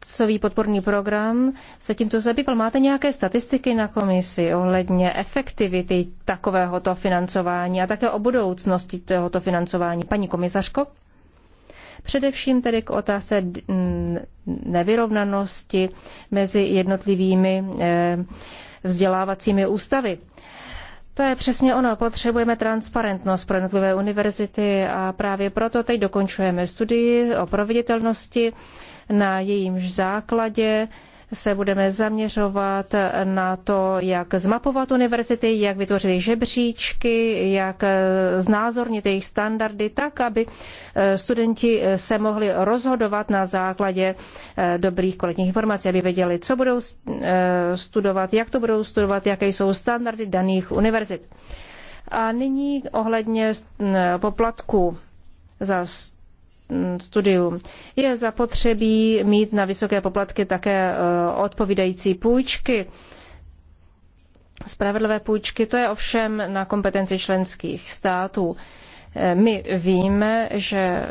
rámcový podporný program se tímto zabýval. Máte nějaké statistiky na komisi ohledně efektivity takovéhoto financování a také o budoucnosti tohoto financování? Paní komisařko? Především tedy k otázce nevyrovnanosti mezi jednotlivými eh, vzdělávacími ústavy. To je přesně ono. Potřebujeme transparentnost pro jednotlivé univerzity a právě proto teď dokončujeme studii o proveditelnosti na jejímž základě se budeme zaměřovat na to, jak zmapovat univerzity, jak vytvořit jejich žebříčky, jak znázornit jejich standardy tak, aby eh, studenti eh, se mohli rozhodovat na základě eh, dobrých kvalitních informací, aby věděli, co budou studovat, jak to budou studovat, jaké jsou standardy daných univerzit. A nyní ohledně poplatku za student studium. Je zapotřebí mít na vysoké poplatky také e, odpovídající půjčky. Spravedlivé půjčky, to je ovšem na kompetenci členských států. E, my víme, že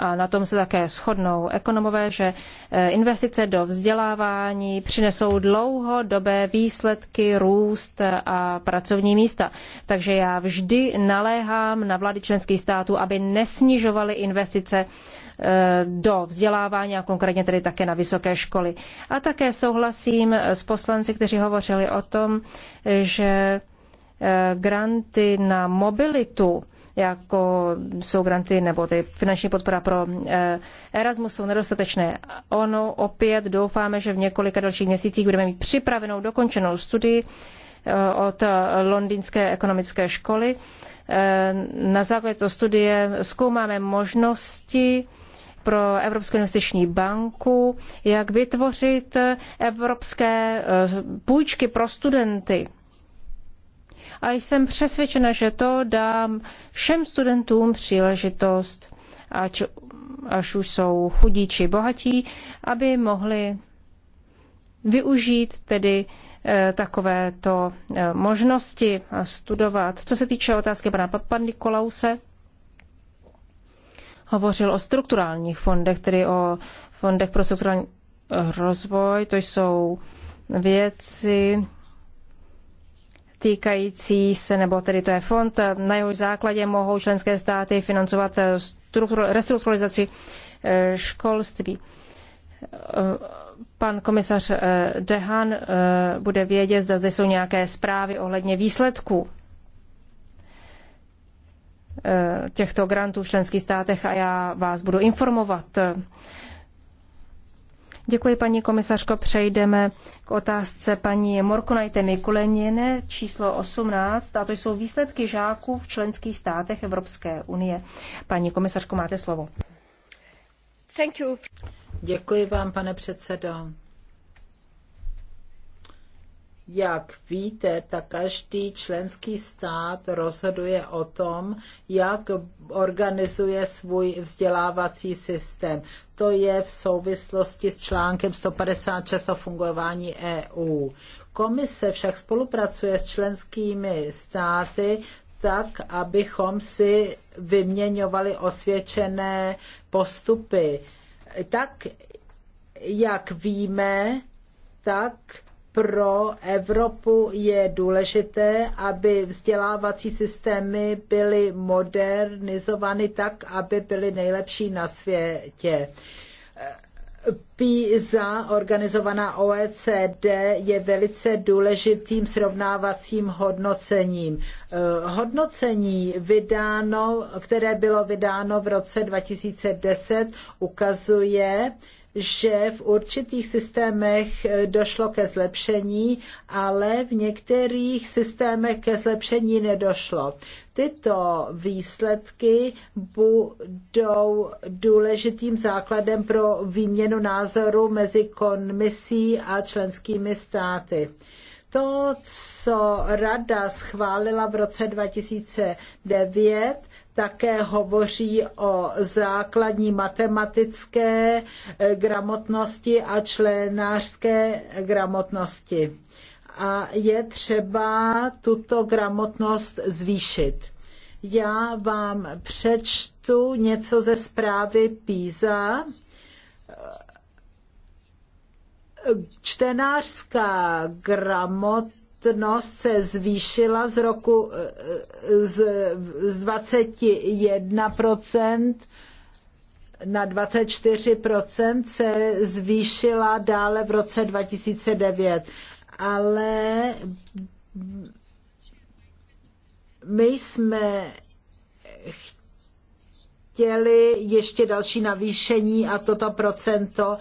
a na tom se také shodnou ekonomové, že e, investice do vzdělávání přinesou dlouhodobé výsledky, růst a pracovní místa. Takže já vždy naléhám na vlády členských států, aby nesnižovaly investice e, do vzdělávání a konkrétně tedy také na vysoké školy. A také souhlasím s poslanci, kteří hovořili o tom, že e, granty na mobilitu jako jsou granty nebo ty finanční podpora pro eh, Erasmus, jsou nedostatečné. Ono opět doufáme, že v několika dalších měsících budeme mít připravenou, dokončenou studii eh, od Londýnské ekonomické školy. Eh, na základě toho studie zkoumáme možnosti pro Evropskou investiční banku, jak vytvořit evropské půjčky pro studenty a jsem přesvědčena, že to dám všem studentům příležitost, ať, až už jsou chudí či bohatí, aby mohli využít tedy eh, takovéto eh, možnosti a studovat. Co se týče otázky pana Papanikolause, hovořil o strukturálních fondech, tedy o fondech pro strukturální rozvoj. To jsou věci, týkající se, nebo tedy to je fond, na jehož základě mohou členské státy financovat eh, restrukturalizaci eh, školství. Eh, pan komisař Dehan bude vědět, zda zde jsou nějaké zprávy ohledně výsledků těchto grantů v členských státech a já vás budu informovat. Děkuji, paní komisařko. Přejdeme k otázce paní Morkonajte Mikulenine, číslo 18. A to jsou výsledky žáků v členských státech Evropské unie. Paní komisařko, máte slovo. Thank you. Děkuji vám, pane předsedo. Jak víte, tak každý členský stát rozhoduje o tom, jak organizuje svůj vzdělávací systém. To je v souvislosti s článkem 156 o fungování EU. Komise však spolupracuje s členskými státy tak, abychom si vyměňovali osvědčené postupy. Tak, jak víme, tak pro Evropu je důležité, aby vzdělávací systémy byly modernizovány tak, aby byly nejlepší na světě. PISA, organizovaná OECD, je velice důležitým srovnávacím hodnocením. Eh, hodnocení, vydáno, které bylo vydáno v roce 2010, ukazuje, že v určitých systémech eh, došlo ke zlepšení, ale v některých systémech ke zlepšení nedošlo. Tyto výsledky budou důležitým základem pro výměnu názorů mezi komisí a členskými státy to, co rada schválila v roce 2009, také hovoří o základní matematické eh, gramotnosti a členářské gramotnosti. A je třeba tuto gramotnost zvýšit. Já vám přečtu něco ze zprávy PISA, eh, čtenářská gramot platnost se zvýšila z roku eh, z, z 21% na 24% se zvýšila dále v roce 2009. Ale my jsme chtěli ještě další navýšení a toto procento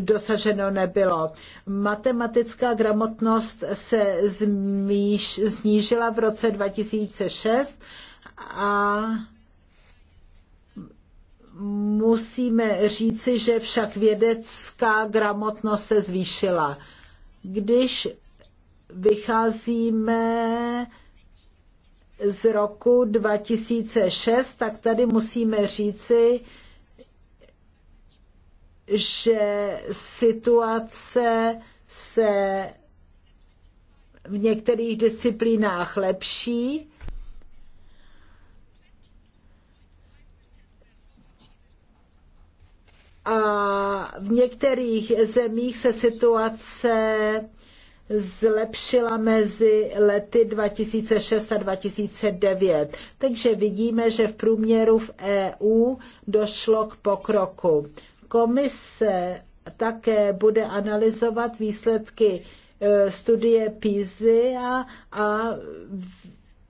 dosaženo nebylo. Matematická gramotnost se zmíš, snížila v roce 2006 a musíme říci, že však vědecká gramotnost se zvýšila. Když vycházíme z roku 2006, tak tady musíme říci, že situace se v některých disciplínách lepší. A v některých zemích se situace zlepšila mezi lety 2006 a 2009. Takže vidíme, že v průměru v EU došlo k pokroku. Komise také bude analyzovat výsledky e, studie PISA a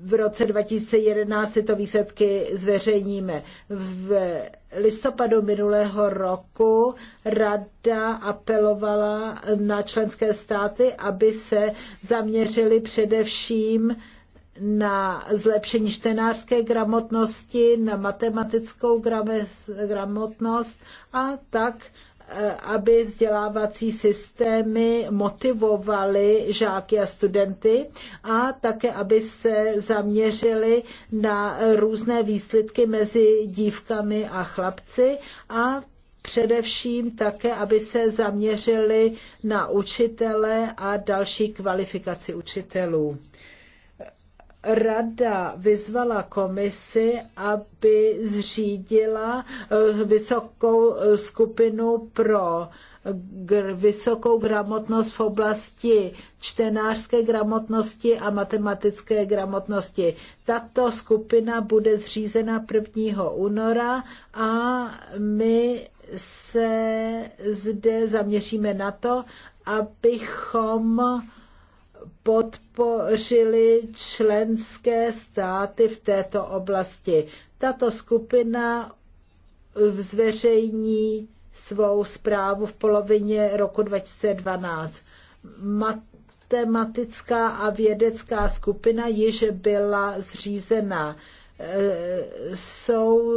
v roce 2011 tyto výsledky zveřejníme. V listopadu minulého roku rada apelovala na členské státy, aby se zaměřili především na zlepšení čtenářské gramotnosti, na matematickou gramotnost a tak, eh, aby vzdělávací systémy motivovaly žáky a studenty a také, aby se zaměřili na různé výsledky mezi dívkami a chlapci a především také, aby se zaměřili na učitele a další kvalifikaci učitelů. Rada vyzvala komisi, aby zřídila eh, vysokou eh, skupinu pro vysokou gramotnost v oblasti čtenářské gramotnosti a matematické gramotnosti. Tato skupina bude zřízena 1. února a my se zde zaměříme na to, abychom podpořili členské státy v této oblasti. Tato skupina zveřejní svou zprávu v polovině roku 2012. Matematická a vědecká skupina již byla zřízena. Jsou,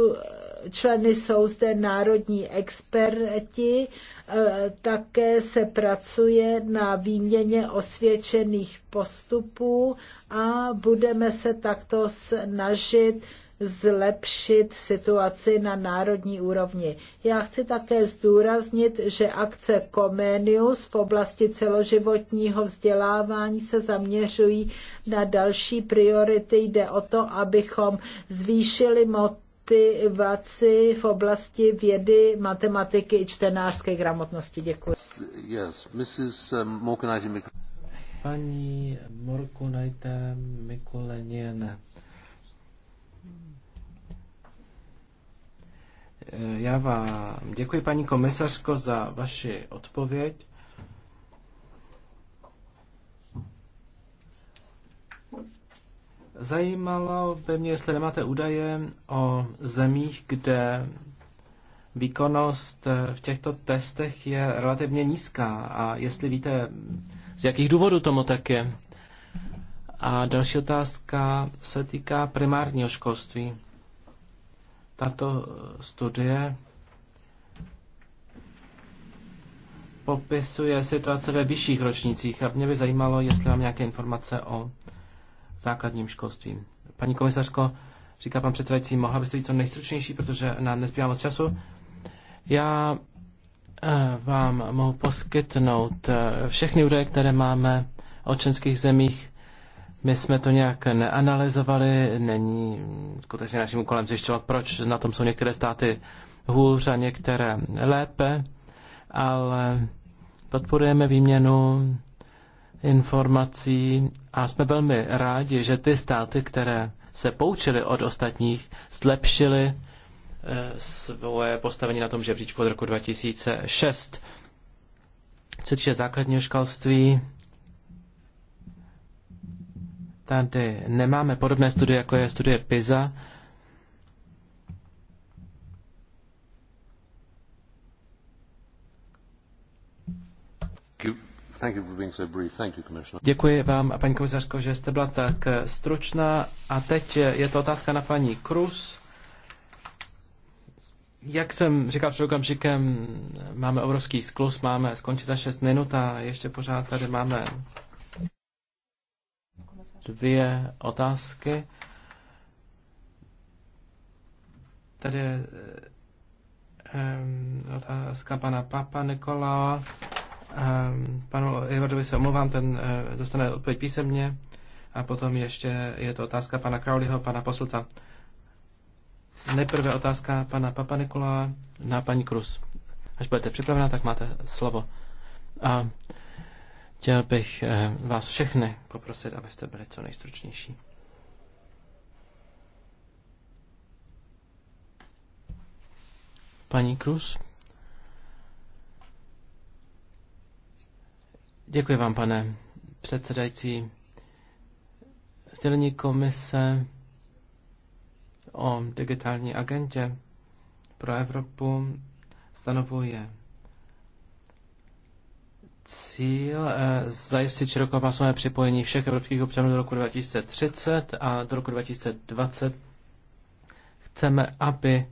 členy jsou zde národní experti Eh, také se pracuje na výměně osvědčených postupů a budeme se takto snažit zlepšit situaci na národní úrovni. Já chci také zdůraznit, že akce Comenius v oblasti celoživotního vzdělávání se zaměřují na další priority. Jde o to, abychom zvýšili motivaci motivaci v oblasti vědy, matematiky i čtenářské gramotnosti. Děkuji. Yes, Mrs. Morganite. Paní Morkunajte Mikulenien. Já vám děkuji, paní komisařko, za vaši odpověď. Zajímalo by mě, jestli nemáte údaje o zemích, kde výkonnost eh, v těchto testech je relativně nízká a jestli víte, z jakých důvodů tomu tak je. A další otázka se týká primárního školství. Tato eh, studie popisuje situace ve vyšších ročnících a mě by zajímalo, jestli mám nějaké informace o základním školstvím. Paní komisařko, říká pan předsedající, mohla byste být co nejstručnější, protože nám nezbývá moc času. Já eh, vám mohu poskytnout eh, všechny údaje, které máme o členských zemích. My jsme to nějak neanalyzovali, není skutečně naším úkolem zjišťovat, proč na tom jsou některé státy hůř a některé lépe, ale podporujeme výměnu informací a jsme velmi rádi, že ty státy, které se poučily od ostatních, zlepšily eh, svoje postavení na tom žebříčku od roku 2006. Co týče základního školství, tady nemáme podobné studie, jako je studie PISA, Děkuji vám, paní komisařko, že jste byla tak eh, stručná. A teď eh, je to otázka na paní Krus. Jak jsem říkal před okamžikem, máme obrovský sklus, máme skončit za 6 minut a ještě pořád tady máme dvě otázky. Tady je eh, otázka pana Papa Nikolaa. Ehm, panu Ivardovi se omlouvám, ten eh, dostane odpověď písemně. A potom ještě je to otázka pana Crowleyho, pana Posluta. Nejprve otázka pana Papa Nikola na paní Krus. Až budete připravena, tak máte slovo. A chtěl bych eh, vás všechny poprosit, abyste byli co nejstručnější. Paní Krus? Děkuji vám, pane předsedající. Sdělení komise o digitální agentě pro Evropu stanovuje cíl eh, zajistit širokopásmové připojení všech evropských občanů do roku 2030 a do roku 2020 chceme, aby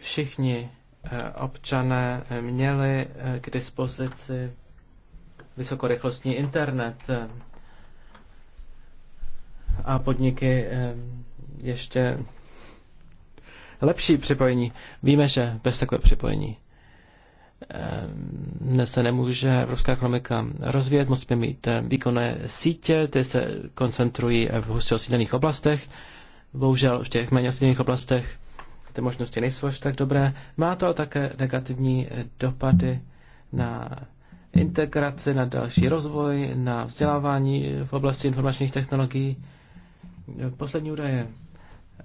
všichni Eh, občané měli eh, k dispozici vysokorychlostní internet eh, a podniky ještě lepší připojení. Víme, že bez takové připojení dnes se nemůže evropská ekonomika rozvíjet, musíme mít výkonné sítě, ty se koncentrují v hustě osídlených oblastech, bohužel v těch méně osídlených oblastech ty možnosti nejsou až tak dobré. Má to také negativní eh, dopady na integraci, na další rozvoj, na vzdělávání eh, v oblasti informačních technologií. Poslední údaje eh,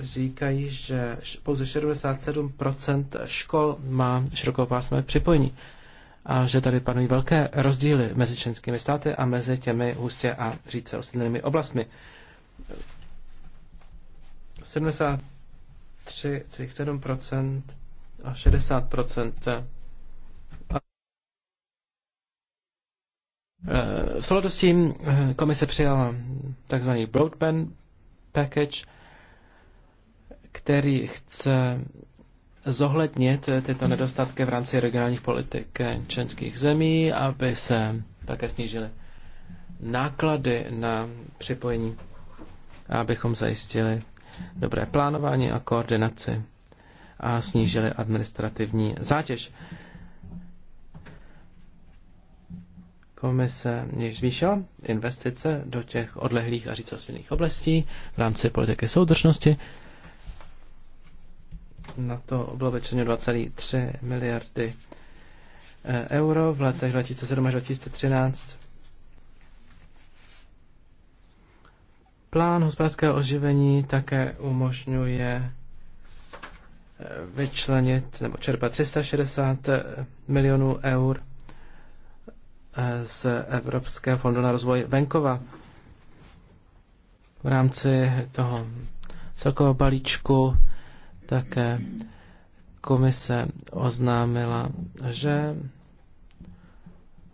říkají, že pouze 67% škol má širokopásmové připojení a že tady panují velké rozdíly mezi členskými státy a mezi těmi hustě a řídce osídlenými oblastmi. 70 3,7 a 60 e, V souladu s tím e, komise přijala tzv. broadband package, který chce zohlednit tyto nedostatky v rámci regionálních politik členských zemí, aby se také snížily náklady na připojení, abychom zajistili dobré plánování a koordinaci a snížili administrativní zátěž. Komise již zvýšila investice do těch odlehlých a řícasilných oblastí v rámci politiky soudržnosti. Na to bylo většině 2,3 miliardy eh, euro v letech 2007 až 2013 Plán hospodářského oživení také umožňuje eh, vyčlenit nebo čerpat 360 eh, milionů eur eh, z Evropského fondu na rozvoj venkova. V rámci toho celkového balíčku také komise oznámila, že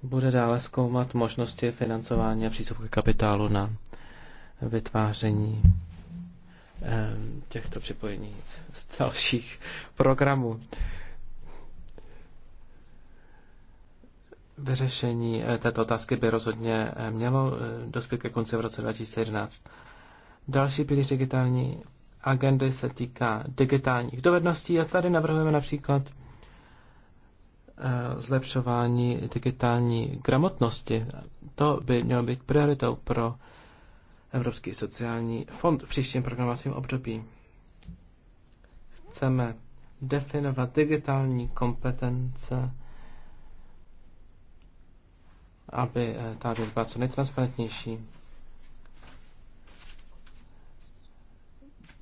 bude dále zkoumat možnosti financování a přístupu kapitálu na vytváření eh, těchto připojení z dalších programů. Vyřešení eh, této otázky by rozhodně eh, mělo dospět ke konci v roce 2011. Další pilíř digitální agendy se týká digitálních dovedností a tady navrhujeme například zlepšování digitální gramotnosti. To by mělo být prioritou pro Evropský sociální fond v příštím programovacím období. Chceme definovat digitální kompetence, aby eh, ta věc byla co nejtransparentnější.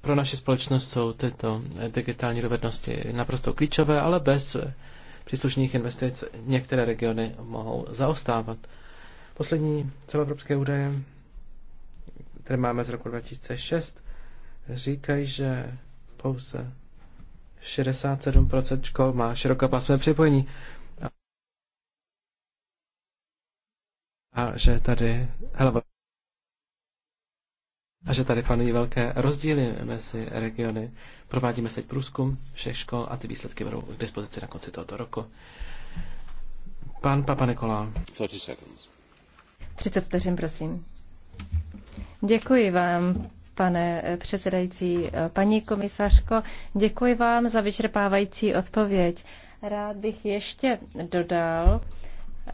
Pro naši společnost jsou tyto eh, digitální dovednosti naprosto klíčové, ale bez eh, příslušných investic některé regiony mohou zaostávat. Poslední celoevropské údaje které máme z roku 2006, říkají, že pouze 67% škol má širokopásmé připojení. A že tady, hele, a že tady panují velké rozdíly mezi regiony. Provádíme teď průzkum všech škol a ty výsledky budou k dispozici na konci tohoto roku. Pan Papa Nikola. 30 seconds. 30 prosím. Děkuji vám, pane předsedající. Paní komisařko, děkuji vám za vyčerpávající odpověď. Rád bych ještě dodal,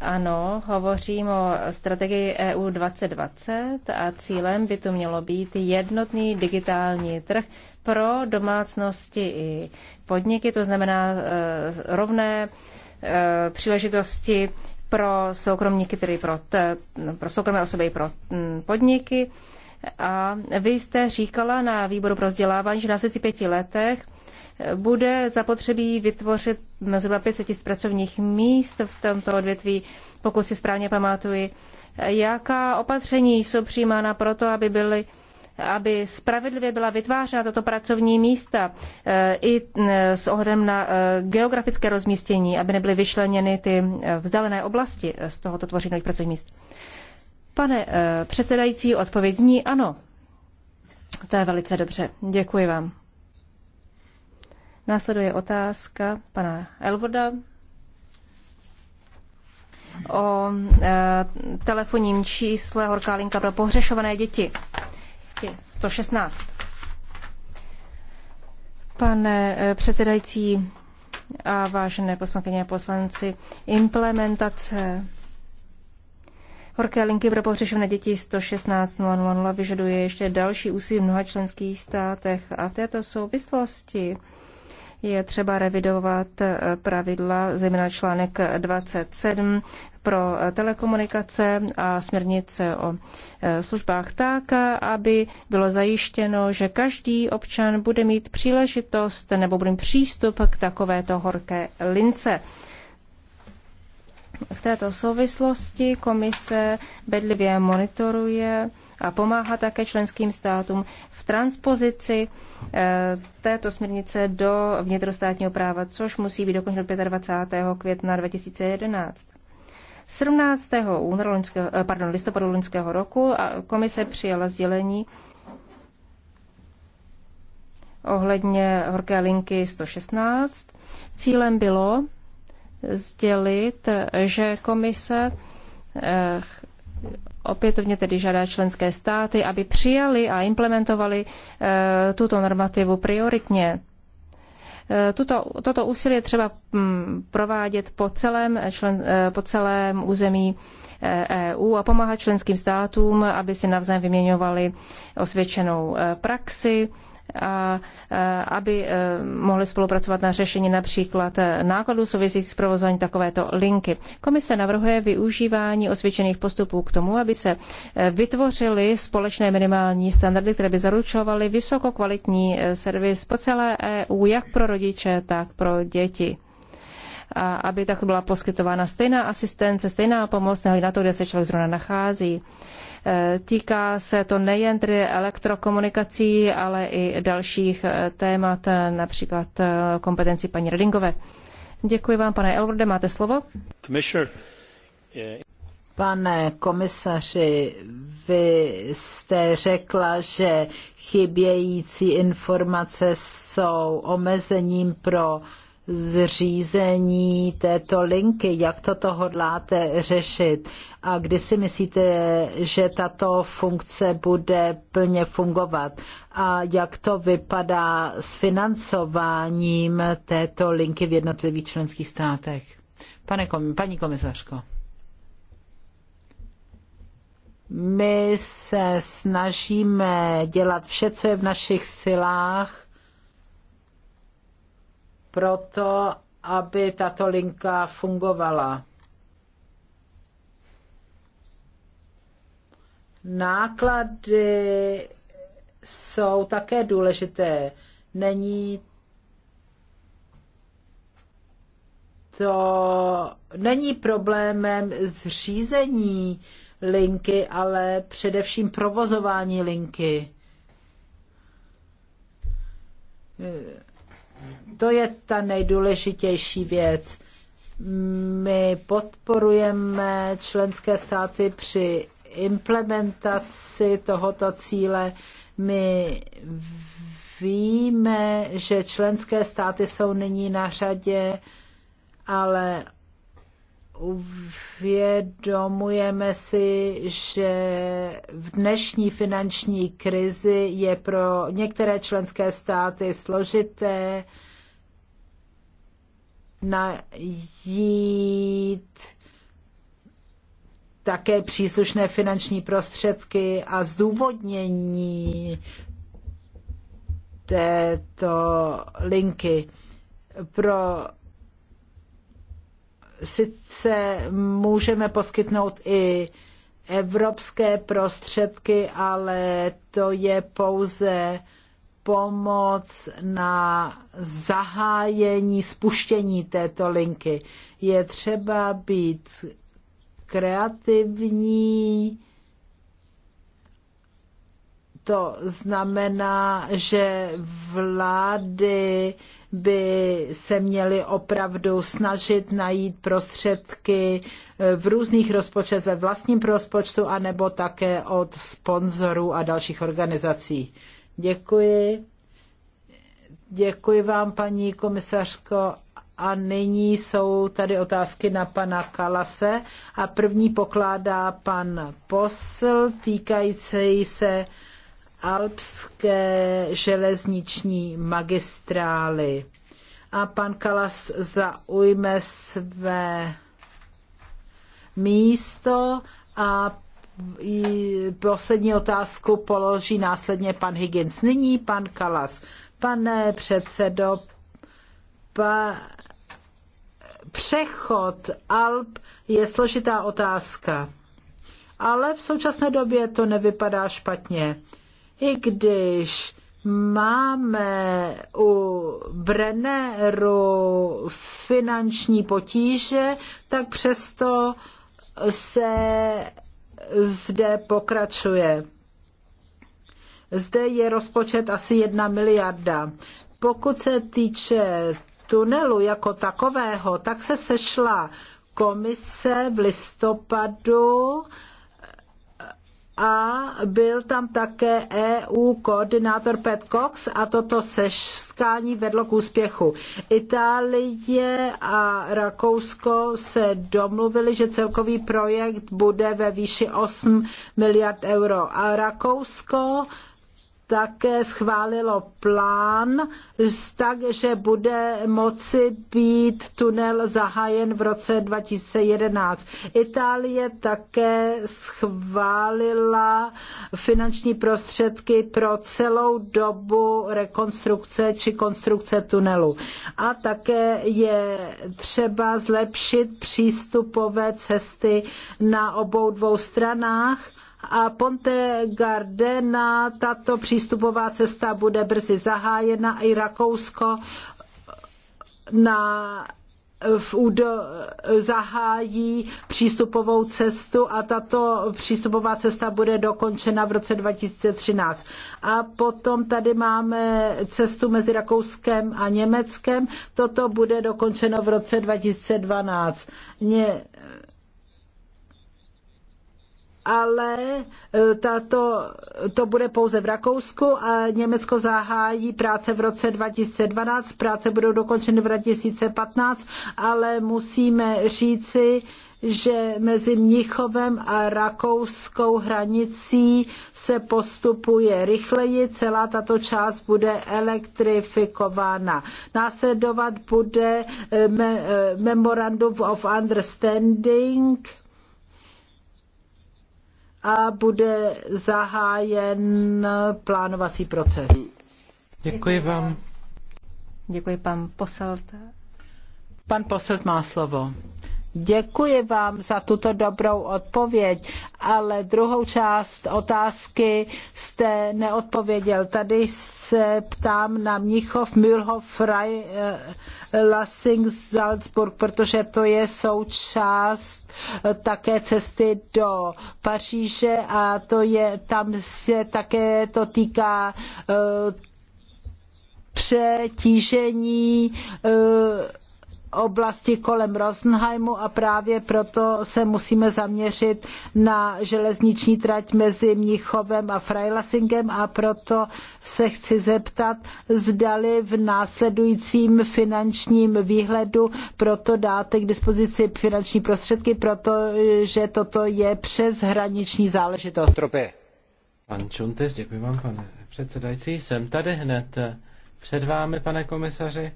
ano, hovořím o strategii EU 2020 a cílem by to mělo být jednotný digitální trh pro domácnosti i podniky, to znamená eh, rovné eh, příležitosti pro soukromníky, tedy pro, t, pro soukromé osoby i pro mm, podniky. A vy jste říkala na výboru pro vzdělávání, že na následující pěti letech bude zapotřebí vytvořit zhruba 500 pracovních míst v tomto odvětví, pokud si správně pamatuji. Jaká opatření jsou přijímána to, aby byly aby spravedlivě byla vytvářena tato pracovní místa eh, i eh, s ohledem na eh, geografické rozmístění, aby nebyly vyšleněny ty vzdálené oblasti z tohoto tvoření nových pracovních míst. Pane předsedající, odpověď zní ano. To je velice dobře. Děkuji vám. Následuje otázka pana Elvoda o e, telefonním čísle Horká linka pro pohřešované děti. 116. Pane eh, předsedající a vážené poslankyně a poslanci, implementace Horké linky pro pohřešené děti 116.000 vyžaduje ještě další úsilí v mnoha členských státech a v této souvislosti je třeba revidovat eh, pravidla, zejména článek 27 pro eh, telekomunikace a směrnice o eh, službách tak, aby bylo zajištěno, že každý občan bude mít příležitost nebo bude mít přístup k takovéto horké lince. V této souvislosti komise bedlivě monitoruje a pomáhá také členským státům v transpozici eh, této směrnice do vnitrostátního práva, což musí být dokončeno 25. května 2011. 17. Února loňského, eh, pardon, listopadu loňského roku a komise přijala sdělení ohledně horké linky 116. Cílem bylo sdělit, že komise eh, opětovně tedy žádá členské státy, aby přijali a implementovali eh, tuto normativu prioritně. Eh, tuto, toto úsilí je třeba hm, provádět po celém, člen, po celém území EU e a pomáhat členským státům, aby si navzájem vyměňovali osvědčenou praxi a aby e, mohli spolupracovat na řešení například nákladů souvisejících s provozováním takovéto linky. Komise navrhuje využívání osvědčených postupů k tomu, aby se e, vytvořily společné minimální standardy, které by zaručovaly vysokokvalitní e, servis po celé EU, jak pro rodiče, tak pro děti. A aby tak byla poskytována stejná asistence, stejná pomoc, nehledě na to, kde se člověk zrovna nachází. Eh, týká se to nejen tedy elektrokomunikací, ale i dalších eh, témat, eh, například kompetenci paní Redingové. Děkuji vám, pane Elworde, máte slovo. Pane komisaři, vy jste řekla, že chybějící informace jsou omezením pro zřízení této linky, jak toto hodláte řešit a kdy si myslíte, že tato funkce bude plně fungovat a jak to vypadá s financováním této linky v jednotlivých členských státech. Pane kom, paní komisařko. My se snažíme dělat vše, co je v našich silách, proto, aby tato linka fungovala. Náklady jsou také důležité. Není to není problémem zřízení linky, ale především provozování linky. Yeah to je ta nejdůležitější věc. My podporujeme členské státy při implementaci tohoto cíle. My víme, že členské státy jsou nyní na řadě, ale uvědomujeme si, že v dnešní finanční krizi je pro některé členské státy složité najít také příslušné finanční prostředky a zdůvodnění této linky pro sice můžeme poskytnout i evropské prostředky, ale to je pouze pomoc na zahájení, spuštění této linky. Je třeba být kreativní to znamená, že vlády by se měly opravdu snažit najít prostředky v různých rozpočtech, ve vlastním rozpočtu, anebo také od sponzorů a dalších organizací. Děkuji. Děkuji vám, paní komisařko. A nyní jsou tady otázky na pana Kalase. A první pokládá pan posl týkající se alpské železniční magistrály. A pan Kalas zaujme své místo a poslední otázku položí následně pan Higgins. Nyní pan Kalas. Pane předsedo, pa, přechod Alp je složitá otázka. Ale v současné době to nevypadá špatně i když máme u Brenneru finanční potíže, tak přesto se zde pokračuje. Zde je rozpočet asi jedna miliarda. Pokud se týče tunelu jako takového, tak se sešla komise v listopadu a byl tam také EU koordinátor Pat Cox a toto setkání vedlo k úspěchu. Itálie a Rakousko se domluvili, že celkový projekt bude ve výši 8 miliard euro a Rakousko také schválilo plán, takže bude moci být tunel zahájen v roce 2011. Itálie také schválila finanční prostředky pro celou dobu rekonstrukce či konstrukce tunelu. A také je třeba zlepšit přístupové cesty na obou dvou stranách a Ponte Gardena tato přístupová cesta bude brzy zahájena i Rakousko na v Udo zahájí přístupovou cestu a tato přístupová cesta bude dokončena v roce 2013. A potom tady máme cestu mezi Rakouskem a Německem. Toto bude dokončeno v roce 2012. Ně, ale e, tato, to bude pouze v Rakousku a Německo zahájí práce v roce 2012, práce budou dokončeny v 2015, ale musíme říci, že mezi Mnichovem a rakouskou hranicí se postupuje rychleji, celá tato část bude elektrifikována. Následovat bude e, e, Memorandum of Understanding, a bude zahájen plánovací proces. Děkuji vám. Děkuji pan Poselt. Pan Poselt má slovo. Děkuji vám za tuto dobrou odpověď, ale druhou část otázky jste neodpověděl. Tady se ptám na Mnichov, Mühlhof, Frey, eh, Lassing, Salzburg, protože to je součást eh, také cesty do Paříže a to je, tam se také to týká eh, přetížení uh, oblasti kolem Rosenheimu a právě proto se musíme zaměřit na železniční trať mezi Mnichovem a Freilassingem a proto se chci zeptat, zdali v následujícím finančním výhledu proto dáte k dispozici finanční prostředky, protože toto je přeshraniční záležitost. Tropě. Pan děkuji vám, pane předsedající. Jsem tady hned před vámi, pane komisaři.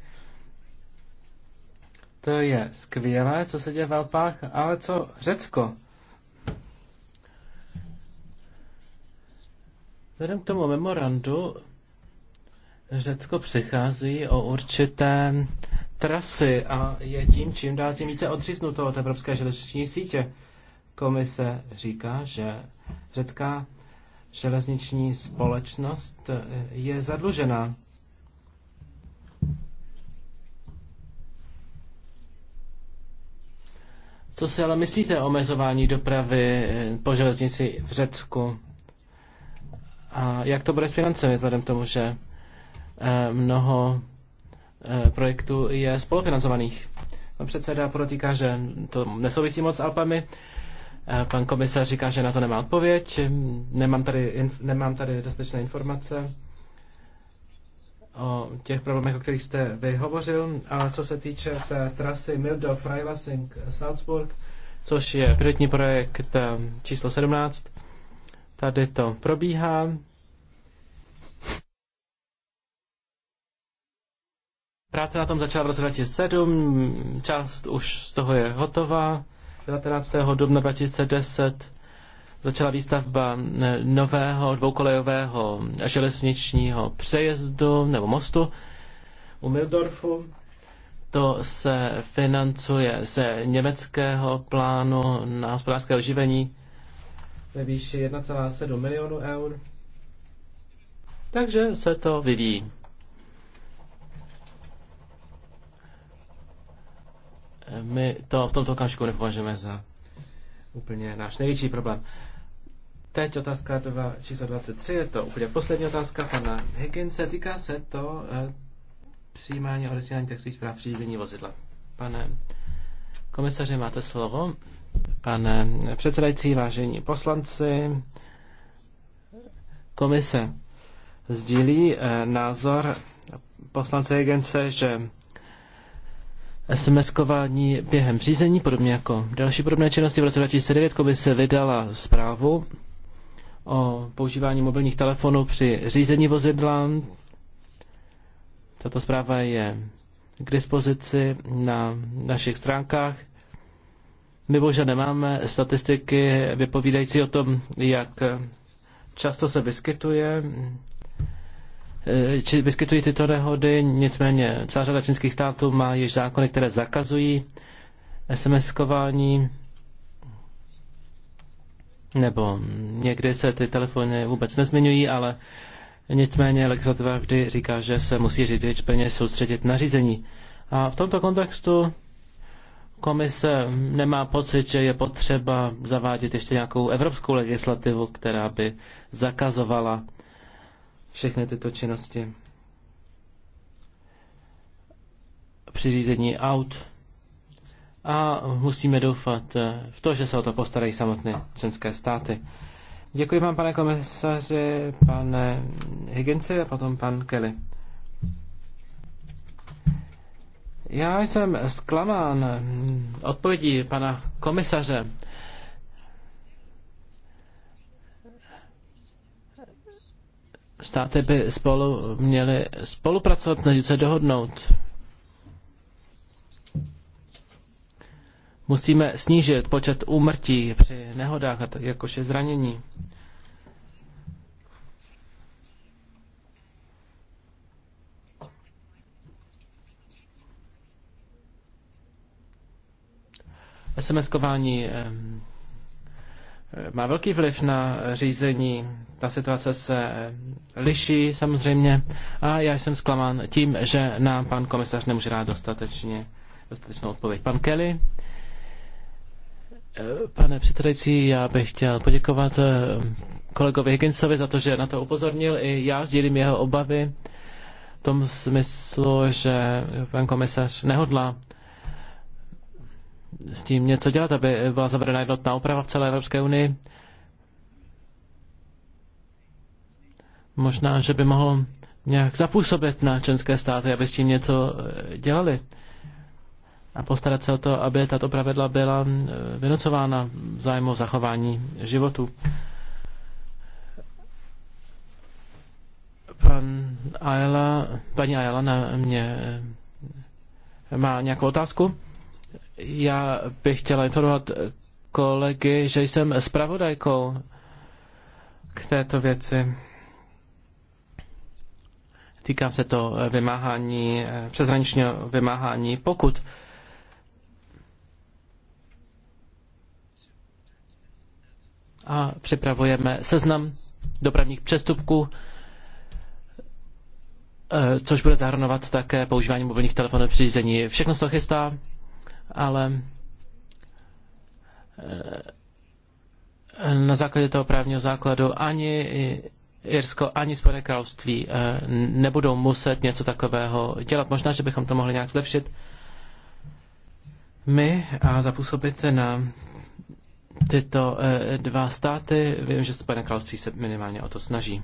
To je skvělé, co se děje v Alpách, ale co Řecko? Vzhledem k tomu memorandu Řecko přichází o určité trasy a je tím čím dál tím více odříznuto od evropské železniční sítě. Komise říká, že řecká železniční společnost je zadlužená. Co si ale myslíte o omezování dopravy eh, po železnici v Řecku? A jak to bude s financemi, vzhledem k tomu, že eh, mnoho eh, projektů je spolufinancovaných? Pan předseda protýká, že to nesouvisí moc s Alpami. Pan komisař říká, že na to nemá odpověď. Nemám tady, nemám tady dostatečné informace o těch problémech, o kterých jste vyhovořil. A co se týče té trasy Mildo Freilassing Salzburg, což je pilotní projekt eh, číslo 17, tady to probíhá. Práce na tom začala v roce 2007, část už z toho je hotová. 19. dubna 2010 začala výstavba eh, nového dvoukolejového železničního přejezdu nebo mostu u Mildorfu. To se financuje ze německého plánu na hospodářské oživení ve výši 1,7 milionu eur. Takže se to vyvíjí. My to v tomto okamžiku nepovažujeme za úplně náš největší problém. Teď otázka 2, číslo 23, je to úplně poslední otázka pana Higginse. Týká se to e, přijímání a odesílání textových zpráv při řízení vozidla. Pane komisaři, máte slovo. Pane předsedající, vážení poslanci, komise sdílí e, názor poslance Higginse, že SMS-kování během řízení, podobně jako další podobné činnosti v roce 2009, komise vydala zprávu o používání mobilních telefonů při řízení vozidla. Tato zpráva je k dispozici na našich stránkách. My bohužel nemáme statistiky vypovídající o tom, jak často se vyskytuje eh, či vyskytují tyto nehody, nicméně celá řada čínských států má již zákony, které zakazují SMS-kování nebo někdy se ty telefony vůbec nezmiňují, ale nicméně legislativa vždy říká, že se musí řidič plně soustředit na řízení. A v tomto kontextu komise nemá pocit, že je potřeba zavádět ještě nějakou evropskou legislativu, která by zakazovala všechny tyto činnosti při řízení aut a musíme doufat eh, v to, že se o to postarají samotné členské státy. Děkuji vám, pane komisaři, pane Higginsi a potom pan Kelly. Já jsem zklamán odpovědí pana komisaře. Státy by spolu měly spolupracovat, než se dohodnout. Musíme snížit počet úmrtí při nehodách, jakož je zranění. SMS-kování eh, má velký vliv na řízení. Ta situace se eh, liší samozřejmě a já jsem zklamán tím, že nám pan komisař nemůže rád dostatečně, dostatečnou odpověď. Pan Kelly. Eh, pane předsedající, já bych chtěl poděkovat eh, kolegovi Higginsovi za to, že na to upozornil. I já sdílím jeho obavy v tom smyslu, že pan komisař nehodlá s tím něco dělat, aby byla zavedena jednotná úprava v celé Evropské unii. Možná, že by mohl nějak zapůsobit na členské státy, aby s tím něco eh, dělali a postarat se o to, aby tato pravidla byla eh, vynocována v zájmu zachování životu. Pan Ayala, paní Ayala na mě eh, má nějakou otázku. Já bych chtěla informovat kolegy, že jsem zpravodajkou k této věci. Týká se to vymáhání, eh, přeshraničního vymáhání pokud a připravujeme seznam dopravních přestupků, e, což bude zahrnovat také používání mobilních telefonů při řízení. Všechno se to chystá, ale e, na základě toho právního základu ani Irsko, ani Spojené království e, nebudou muset něco takového dělat. Možná, že bychom to mohli nějak zlepšit my a zapůsobit na tyto eh, dva státy. Vím, že pane Kalasí se minimálně o to snaží.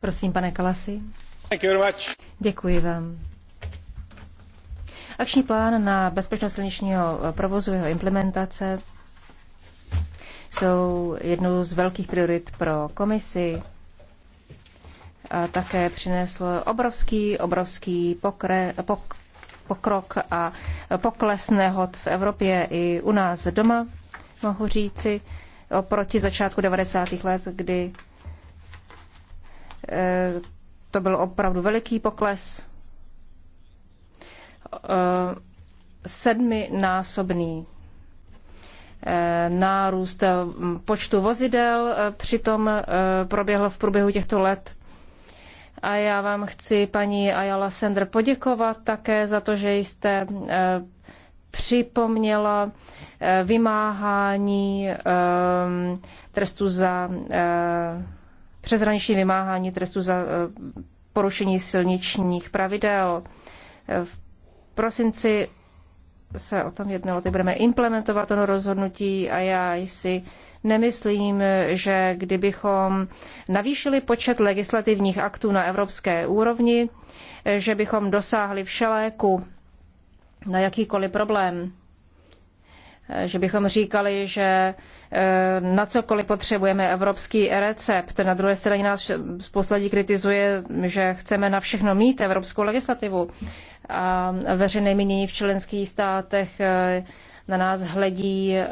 Prosím, pane Kalasi. Děkuji vám. Akční plán na bezpečnost silničního eh, provozu, jeho implementace jsou jednou z velkých priorit pro komisi a také přinesl obrovský, obrovský pokre, pok, pokrok a pokles nehod v Evropě i u nás doma, mohu říci, oproti začátku 90. let, kdy eh, to byl opravdu veliký pokles, eh, sedminásobný eh, nárůst počtu vozidel přitom proběhl v průběhu těchto let a já vám chci, paní Ayala Sender, poděkovat také za to, že jste eh, připomněla eh, vymáhání eh, trestu za přeshraniční vymáhání trestu za porušení silničních pravidel. V prosinci se o tom jednalo, teď budeme implementovat ono rozhodnutí a já si Nemyslím, že kdybychom navýšili počet legislativních aktů na evropské úrovni, že bychom dosáhli všeléku na jakýkoliv problém. Že bychom říkali, že eh, na cokoliv potřebujeme evropský recept. Na druhé straně nás spousta kritizuje, že chceme na všechno mít evropskou legislativu. A veřejné mínění v členských státech eh, na nás hledí eh,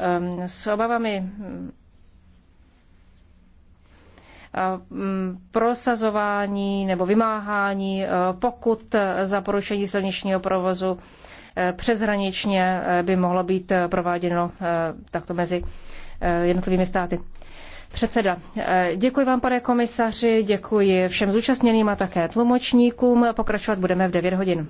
s obavami Mm, prosazování nebo vymáhání e, pokud za porušení silničního provozu e, přeshraničně e, by mohlo být prováděno takto mezi jednotlivými státy. Předseda, děkuji vám, pane komisaři, děkuji všem zúčastněným a také tlumočníkům. Pokračovat budeme v 9 hodin.